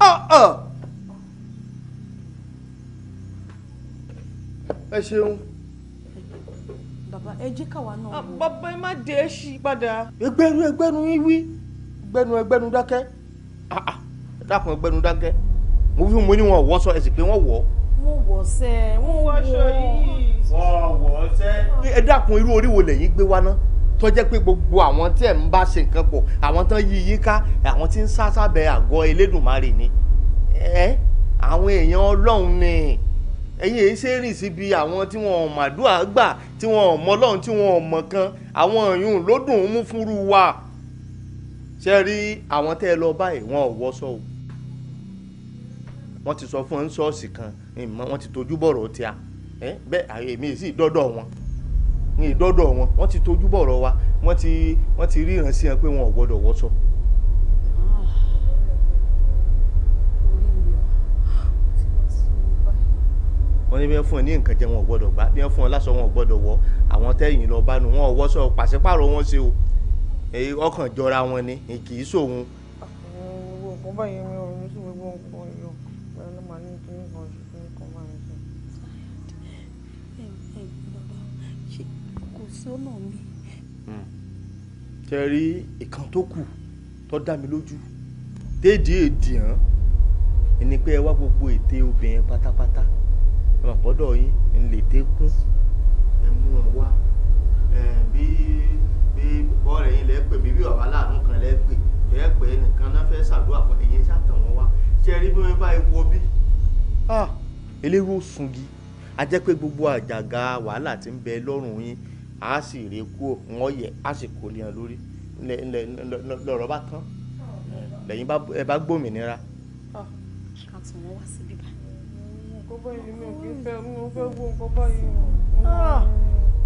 Ah, ah. ẹ ṣeun bàbá ẹ jí káwa náà ah, wò. bàbá ẹ má dé ẹ ṣí padà. ẹgbẹ́nu ẹgbẹ́nu yín wí ẹgbẹ́nu ẹgbẹ́nu dákẹ́ ah, ah, ẹ dákun ẹgbẹ́nu dákẹ́ mo fi mo ní wọn wọ́ sọ ẹ̀sìn pé wọ́n wọ̀ ọ́. wọ́n wọ̀ sẹ́ wọ́n wọ aṣọ yìí. wọ́n wọ̀ sẹ́. ẹ dákun irú oríwo lẹ́yìn gbé wá náà tó jẹ́ pé gbogbo àwọn tí ẹ̀ ń bá ṣe nǹkan pọ̀ àwọn tán yí yín ká àwọn tí ń sá sábẹ́ àgọ́ Elédùmarè ni ẹ àwọn èèyàn Ọlọ́run ni ẹ̀yin èyí ṣe rìn síbi àwọn tí wọn ò màdúrà gbà tí wọn ò mọ Ọlọ́run tí wọn ò mọ̀ kan àwọn èèyàn ló dùn ún mú fúru wa ṣe rí àwọn tẹ́ ẹ lọ báyìí wọn ò wọ́sọ o wọ́n ti sọ fún ẹ ń ṣọ́ọ̀ṣì kan wọ́n ti tojú bọ̀rọ̀ tíá bẹ́ẹ̀ èmi sì dọ́dọ̀ wọn ní ìdọ́dọ̀ wọn wọ́n ti tojú bọ̀rọ̀ wa wọ́n ti ríran sí ẹ pé wọn ò gbọ́dọ̀ wọ́sọ. wọ́n ní bí wọ́n fún ẹ ní nǹkan jẹ wọn ò gbọ́dọ̀ gbá bí wọ́n fún ẹ láṣọ wọn ò gbọ́dọ̀ wọ̀ àwọn tẹ́yìn lọ bá nu wọn ò wọ́ṣọ pàṣípàrọ̀ wọn ṣe o èyí ọkàn jọra wọn ni kì í ṣòun. ṣe hmm. rí ìkan tó kù tó dá mi lójú déédéé dìhán ẹni pé ẹ wá gbogbo ète obìnrin pátápátá ẹ mà pọ́dọ̀ yín ń lè tẹ́kún. ẹ mú wọn wá bí bí bọ́ọ̀rẹ̀ yín lẹ́ pè mí bí bàbá láàánú kan lẹ́ pè lẹ́ pè nìkan náà fẹ́ ṣàdúrà fún ẹ̀yin ṣàtàn wọn wá ṣe rí bí wọ́n bá ewu bí. eléwo sungi a jẹ́ pé gbogbo àjàgà wàhálà tí ń bẹ lọ́rùn yín a sì rè kú wọn yẹ a sì kò lè hàn lórí lọ́rọ̀ bá tán lẹ́yìn ẹ bá gbòmìnira. àtúnwọ́n wá sí báyìí mi ò kí ń fẹ́ mo fẹ́ wo nǹkan báyìí o.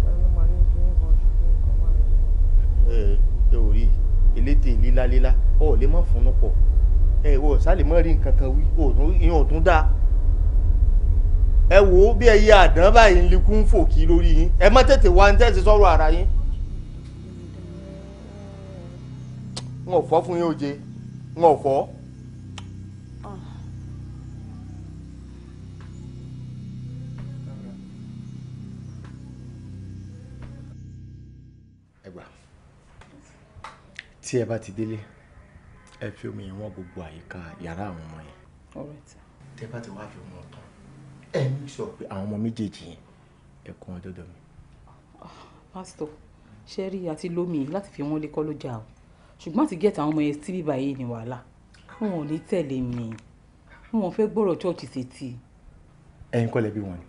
ẹni màá ní kí n kàn ṣùgbọ́n nǹkan báyìí. ẹ ẹ ò rí elétè líláléla ọ ò lè mọ fúnnu pọ ẹ eh, ò sálè mọ rí nǹkan kan wí ìyẹn ò tún dáa ẹ wò ó bí ẹyẹ àdán báyìí ń likú ń fò kí lórí yín ẹ má tètè wá ń tẹ̀sí sọ̀rọ̀ ara yín. n ò fọ́ fún yín oje n ò fọ́. tí ẹ bá ti délé ẹ fi omi yẹn wọ́n gbogbo àyíká yàrá àwọn ọmọ yẹn. tẹ bá ti wá fi wọn tán ẹ ní sọ pé àwọn ọmọ méjèèjì yẹn ẹ kó wọn dọ̀dọ̀ mi. pásítọ̀ ṣẹ́rí àti lómi láti fi wọ́n lé kọ́ ló jà o ṣùgbọ́n àti gẹ́tà àwọn ọmọ yẹn sí bíbá yìí ni wàhálà wọn ò ní tẹ̀lé mi wọn ò fẹ́ gbọ́rọ̀ chọ́ọ̀chì sétí. ẹ̀yin kọ́ lẹ bí wọn ni.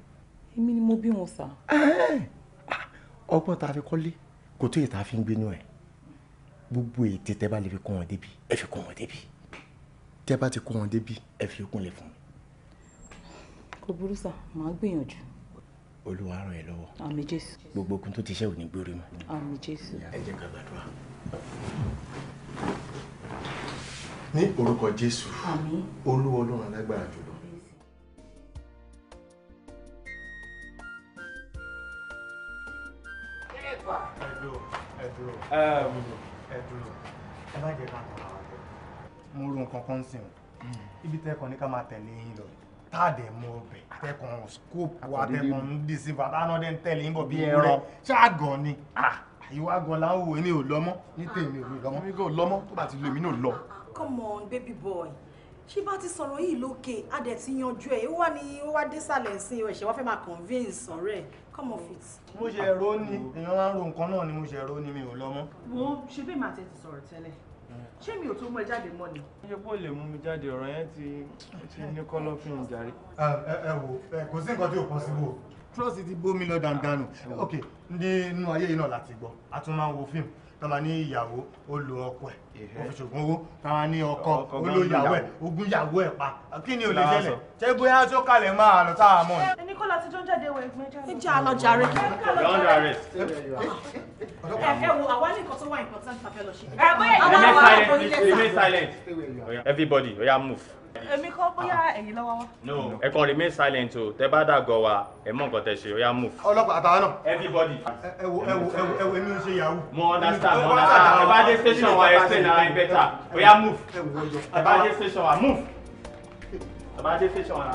èmi ni mo bí wọn sà. Ah! ọgbọ́n tá a fi kọ́lé kò tó yẹ tá fi ń gbénú ẹ̀ gbogbo ètè tẹ́ bá lè fi kó wọn débi ẹ fi kó wọn débi tẹ́ bá ti kó wọn débi ẹ fi kúnlẹ̀ fún mi. kò burú sà màá gbìyànjú. olúwa ràn ẹ́ lọ́wọ́. àmì jésù. gbogbo okun tó ti ṣẹ́ ò ní gbórí mọ́. àmì jésù. ẹ jẹ́ ká gbàdúrà. ní orúkọ jésù olúwa ọlọ́run alágbára jùlọ. Um, ẹ ẹ má jẹ́ ká àwọn ọ̀dọ́ mo ro nǹkan kan sìn hmm. ibi tẹ́kọ̀ ní ká máa tẹ̀lé yín lọ táàdẹ̀ mọ ọbẹ̀ atẹ́kọ̀ọ́ scope wa atẹ́kọ̀ọ́ ń ń tẹ̀lé yín bọ̀ bí ẹran ṣáàgàn ni àyíwá gan láwùwẹ̀ mi ò lọ́mọ́ ní tèmi ò lọ́mọ́ mi ò lọ́mọ́ tó bá ti lo èmi náà lọ. come on baby boy ṣé bá ti sọ̀rọ̀ yìí lókè á dẹ̀ ti yanjú ẹ̀ ó wà ní ó wá désàlẹ̀ sí i ẹ̀ṣẹ̀ wá fẹ́ máa convince ọ̀rẹ́ come off it. mo ṣe ẹ̀rọ ni èèyàn máa ń ro nǹkan náà ni mo ṣe ẹ̀rọ ni mi ò lọ mọ́. wo ṣe bí màá tẹ ti sọ̀rọ̀ tẹ́lẹ̀ hmm. ṣé mi ò tó mú ẹ jáde mọ́ ni. ṣé kó lè mú mi jáde ọ̀rọ̀ yẹn ti ti ní kọ́lọ́fín ìjàre. Ah, ẹ ẹ wo kò sí nǹkan tí ò possible trust ti bómi lọ dandan ok ní inú ayé yìí náà láti gbọ́ a tún máa ń wo fíìmù tó máa ní ìyàwó ó lo ọkọ ẹ̀ ó fi ṣògùn owó tó máa ní ọkọ ó lo ìyàwó ẹ̀ ogún ìyàwó ẹ̀ pa kí ni ò lè ṣẹlẹ̀ ṣé bóyá tó kalẹ̀ máa lọ tá a ni. ẹni kọ́ láti jọ́ ń jáde wọ ẹ̀gbọ́n jáde. lọ jàre. ẹ wo àwa ní nǹkan tó wà lọ ṣe. ẹ bóyá ìyá wà ní kò ní lè everybody oya move èmi kọ́ bóyá ẹ̀yin lọ́wọ́ wá. no ẹ kàn remain silent o tẹ bá dàgọ̀ wa ẹ mọ̀ nǹkan tẹ ṣe ó yá move. ọlọ́pàá àtàwọn náà. everybody. ẹ wo ẹ wo ẹ wo ẹ wo èmi ń ṣe yahoo. mo understand mo understand ẹ bá dé station wa explain ara ẹ better ó yá move. ẹ bá dé station wa move. ẹ bá dé station wa.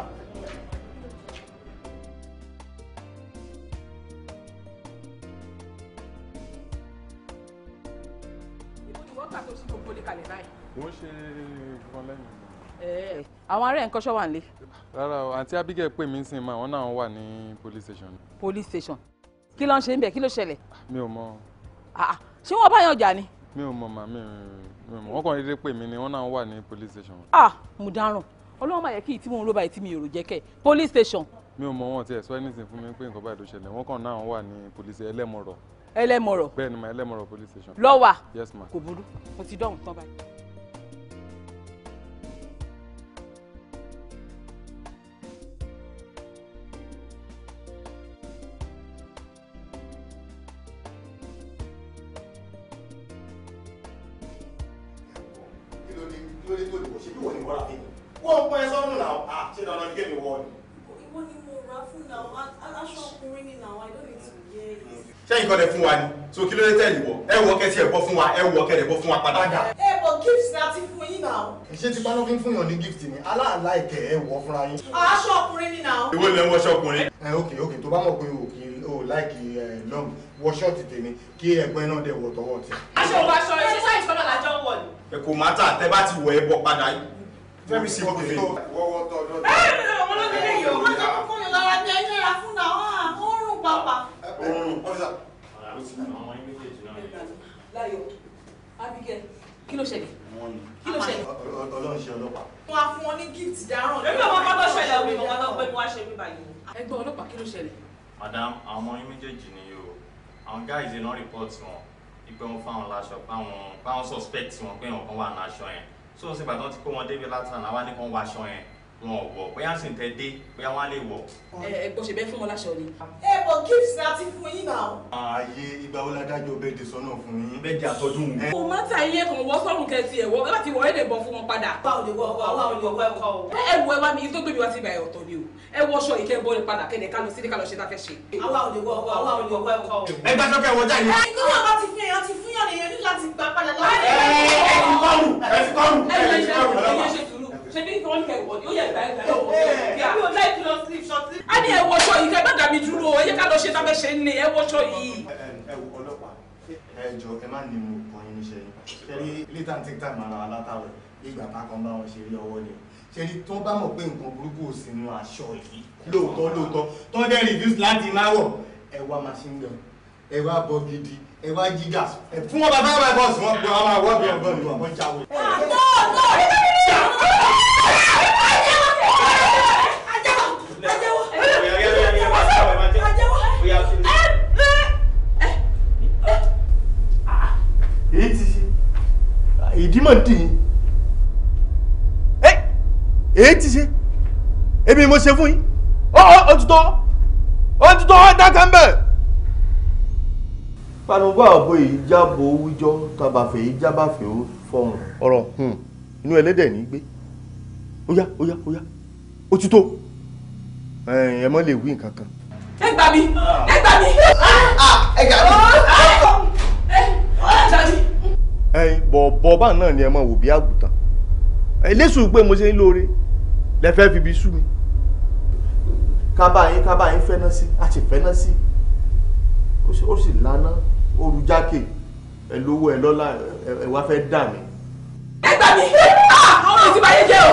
ìbò wọ́n kà tó sí gbogbo lè kalẹ̀ báyìí. wọ́n ṣe ìbọn lẹ́yìn. Eh, àwọn ará ẹ̀ ń kọ́ṣọ́ wà nílé. rárá o àǹtí Abigail pè mí sí ma àwọn náà wà ní police station. police station kí ló ń ṣe ń bẹ̀ kí ló ṣẹlẹ̀. Ah, mi ò mọ. Ah, ah, ṣé wọn bá yan ọjà ni. mi ò mọ màmí mi wọn kàn déédéé pè mí ni wọn náà wà ní police station. ah mo dáràn ọlọ́run máa yẹ kí ìtí mò ń ló báyìí tí mi ò rò police station. mi ò mọ wọn tiẹ̀ sọ anything fún mi pé nǹkan báyìí ló ṣẹlẹ̀ wọn kàn náà wà ní police ẹlẹ́mọ̀rọ̀. ẹlẹ́mọ̀rọ̀. bẹ́ẹ̀ ni ma ẹlẹ́mọ̀rọ̀ police station. lọ́wà yes ma kò burú mo ti dọ̀hún tán báyìí. gé mi wọ ni. ìwọ ṣé nǹkan lè fún wa ni so kí ló dé tẹ̀lé wọ ẹ wọ kẹsì ẹ bọ fún wa ẹ wọ kẹlẹ bọ fún wa padà. ẹ bọ gift ni a ti fún yín náà. ṣé ti paná fún fúnyàn ní gift ni aláàlá ìkẹ ẹ wọ fúnra yín. aṣọ ọkùnrin ni náà. ìwé lẹ ń wọṣọ ọkùnrin. ẹ ok ok tó bá mọ̀ pé o kì í o láìkì ẹ lọ́mù wọ ṣọ́ọ̀tì tèmi kí ẹgbẹ́ náà dẹ̀ wọ̀ tọwọ́ ti. aṣọ òwò aṣọ ẹ ṣe sáyẹ̀sì kọ́nà làjọ wọ̀ ni. ẹ kò má tà tẹ bá ti wọ ọlọ́pàá. oorun ọ̀sà. láyọ̀ Abigail kí ló ṣẹlẹ̀. kí ló ṣẹlẹ̀. ọlọ́run ṣe ọlọ́pàá. wọn á fún wọn ní gift dáràn. èmi ò mọ ọkọ tó ṣẹlẹ̀ òun ìmọ̀ ọkọ pé mo wá ṣe mí báyìí. ẹgbẹ́ ọlọ́pàá kí ló ṣẹlẹ̀. madam àwọn ọmọ yín méjèèjì ni o àwọn guys iná report wọn ipe wọn fáwọn láṣọ páwọn páwọn suspect wọn pé wọn kàn wà ní aṣọ yẹn so ó sì gbàdán ti kó wọn débi látàn àwa ní kàn wọ aṣọ yẹn wọn ò wọ̀ bóyá sì ń tẹ dé bóyá wọn á lè wọ̀. ẹ kò ṣe bẹ́ẹ̀ fún wọn láṣọ ni. ẹ bọ gift láti fún yín náà. ààyè ìgbà wo ládájọ́ bẹ́ẹ̀ di sọ́nà fún yín. bẹ́ẹ̀ di àtọ́dún mi. kò má ta ilé kan wọ sọ́run kẹsì ẹ̀wọ́ láti wọ ẹ̀dẹ̀ bọ̀ fún wọn padà. wà á lè wọ ọkọ wà á lè wọ ẹkọ o. ẹ wọ ẹ wá mi tó gbèbí wá sí ibà ẹ ọ̀tọ̀ ni o ẹ wọ ọṣọ ìkẹ́ bọ́ọ̀lù padà ṣebí wọn kẹ wọ ni ó yẹ ìgbà ìgbà lọ́wọ́ kí a. èmi ò láì kìlọ̀ sí ìṣọtí. a ní ẹwọ ṣọ yìí kẹ má dà mí dúró ẹ yẹ ká lọ ṣe tá a fẹ́ ṣe ń ní ẹwọ ṣọ yìí. ẹ wo ọlọ́pàá ẹ jọ ẹ má ní mo kọ yín níṣẹ́ yín ṣẹlí lítà ń tíkítà máa ra alátàwẹ ìgbà tá a kan bá wọn ṣe rí ọwọ́ ni ṣẹlí tó bá mọ̀ pé nǹkan burúkú ò sínú aṣọ yìí lóòótọ́ lóòótọ́ tó rìdíùs láti máa ẹ wá máa ṣe ẹ wá bọ gidi ẹ wá jíjà ẹ fún wọn bàbá bàbá bọ́ọ̀sì wọn pé wọn máa wọ́ bí ọgbọ́n ìwà wọn jáwé. àtọ́ àtọ́ orí mi ni àjẹwò àjẹwò àjẹwò ẹ bẹ́ẹ̀. èyí ti ṣe ìdí mọ̀ dì í èyí ti ṣe èmi mo ṣe fún yín ó ó ó ti tọ́ ó ti tọ́ ó dákẹ́ ń bẹ̀ panubá àbò ìjábọ̀ wíjọ́ tabàfẹ́ ìjábàfẹ́ ó fọhùn. ọ̀rọ̀ inú ẹlẹ́dẹ̀ ní gbé ó yá ó yá ó yá ó ti tó ẹ mọ́ lè wí nǹkan kan. ẹ gbà mí ẹ gbà mí. Ah, ah, ẹ gbà mí. ẹyin bọ̀ọ̀bọ̀ bá náà ni ẹ mọ̀ wò bí àgùntàn ẹlẹ́sùn pé mo ṣe ń lóore lẹ fẹ́ fi bí sú mi. kábàáyín kábàáyín fẹ́ náà sí àti fẹ́ náà sí ó sì lánàá olùjákè ẹ lówó ẹ lọ́lá ẹ wá fẹ́ dà mí. ẹ gbà mí ọmọ ìtìmọ̀ ayé jẹ́ o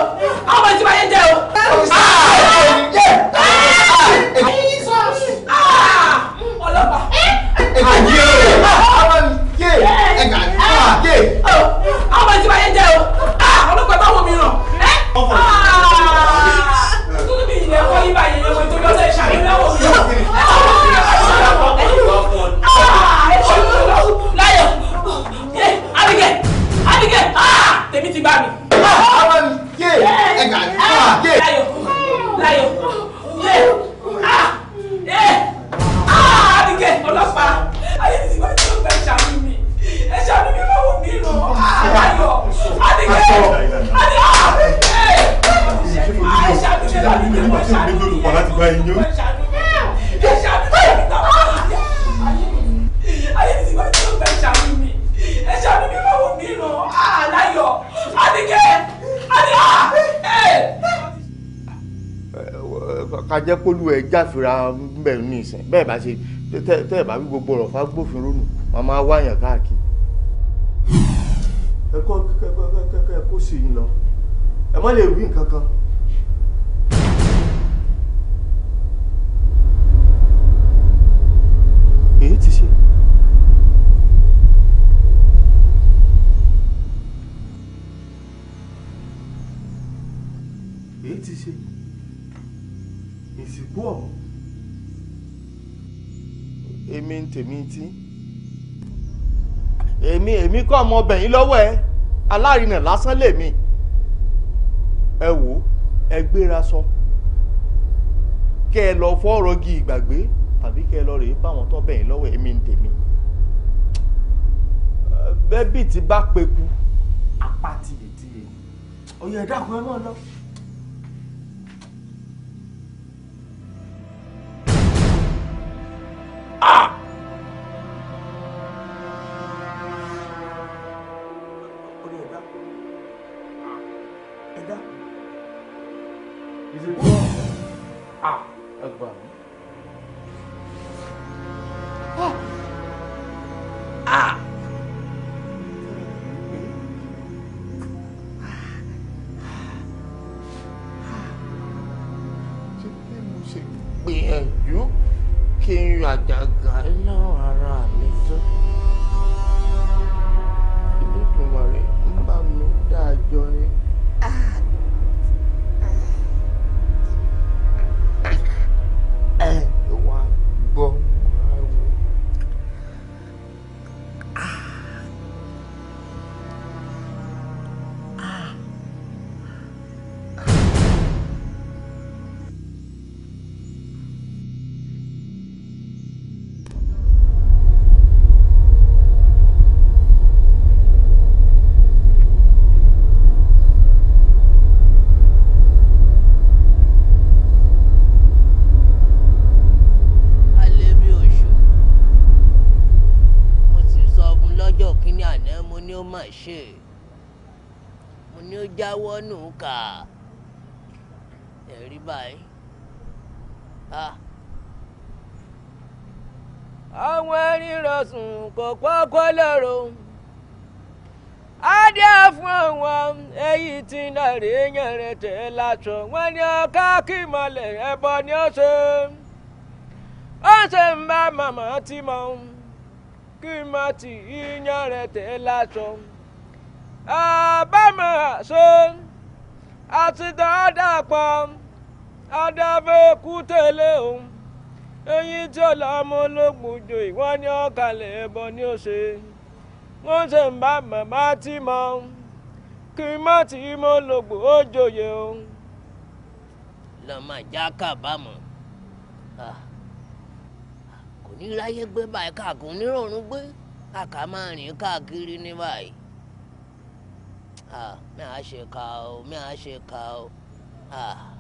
ọmọ ìtìmọ̀ ayé jẹ́ o. ọlọ́pàá. ẹ gbà mí. ẹ gbà mí. sìn bẹ́ẹ̀ bá ṣe tẹ́ ẹ̀ bá wí gbogbo ọ̀rọ̀ fágbófinró nù wọ́n máa wáyàn káàkiri. <sighs> ẹ kọ́ kẹ́kẹ́ kó sì yín lọ ẹ má lè wí nǹkan kan. èyí ti ṣe. èyí ti ṣe. ìsìnkú ọ̀hún. tèmi tí èmi èmi kọ́ ọmọbìnrin lọ́wọ́ ẹ alárinà lásán lèmi ẹ wò ẹ gbéra sọ kẹ́ ẹ lọ fọ́ọ̀rọ̀ gi ìgbàgbé tàbí kẹ́ ẹ lọ rèé báwọn tó bẹ̀yìn lọ́wọ́ èmi ń tèmi bẹ́bí ti bá peku apá tìyẹ̀tìyẹ̀ ọ̀yẹ̀dá kan náà lọ. má ṣe mo ní ó jáwọ́ nù kà ẹ̀rí báyìí. àwọn ẹni rọ̀sùn kò pọ́kọ́ lọ́rọ̀ adé fún àwọn èyí tí nàrí èèyàn rẹ̀ tẹ̀ láṣọ wọn ni ọkà kí mọ̀lẹ̀ ẹ̀bọ ni ó ṣe ó ṣe ń bá màmá tí mọ. kí n má ti iyán rẹ̀ tẹ̀ lásọ. àbámọ̀ àṣọ àtìtàn àdàpọ̀ àdàbẹ̀ òkú tẹ̀lé òun eyín tí ọ̀la ọmọ ológun jò ìwọ́n ní ọ̀kàlẹ̀ ẹ̀bọ ni ó ṣe wọ́n ṣe ń bá màmá tí mọ kí n má tí mo lògbò ó joyè o. lọ́mọ ìjà kábàámọ̀ ní ráyé gbé báyìí kàkún nírọ̀rùn gbé kàkà máa rìn káàkiri ní báyìí. mi à ṣe kà ó mi à ṣe kà ó. Ah.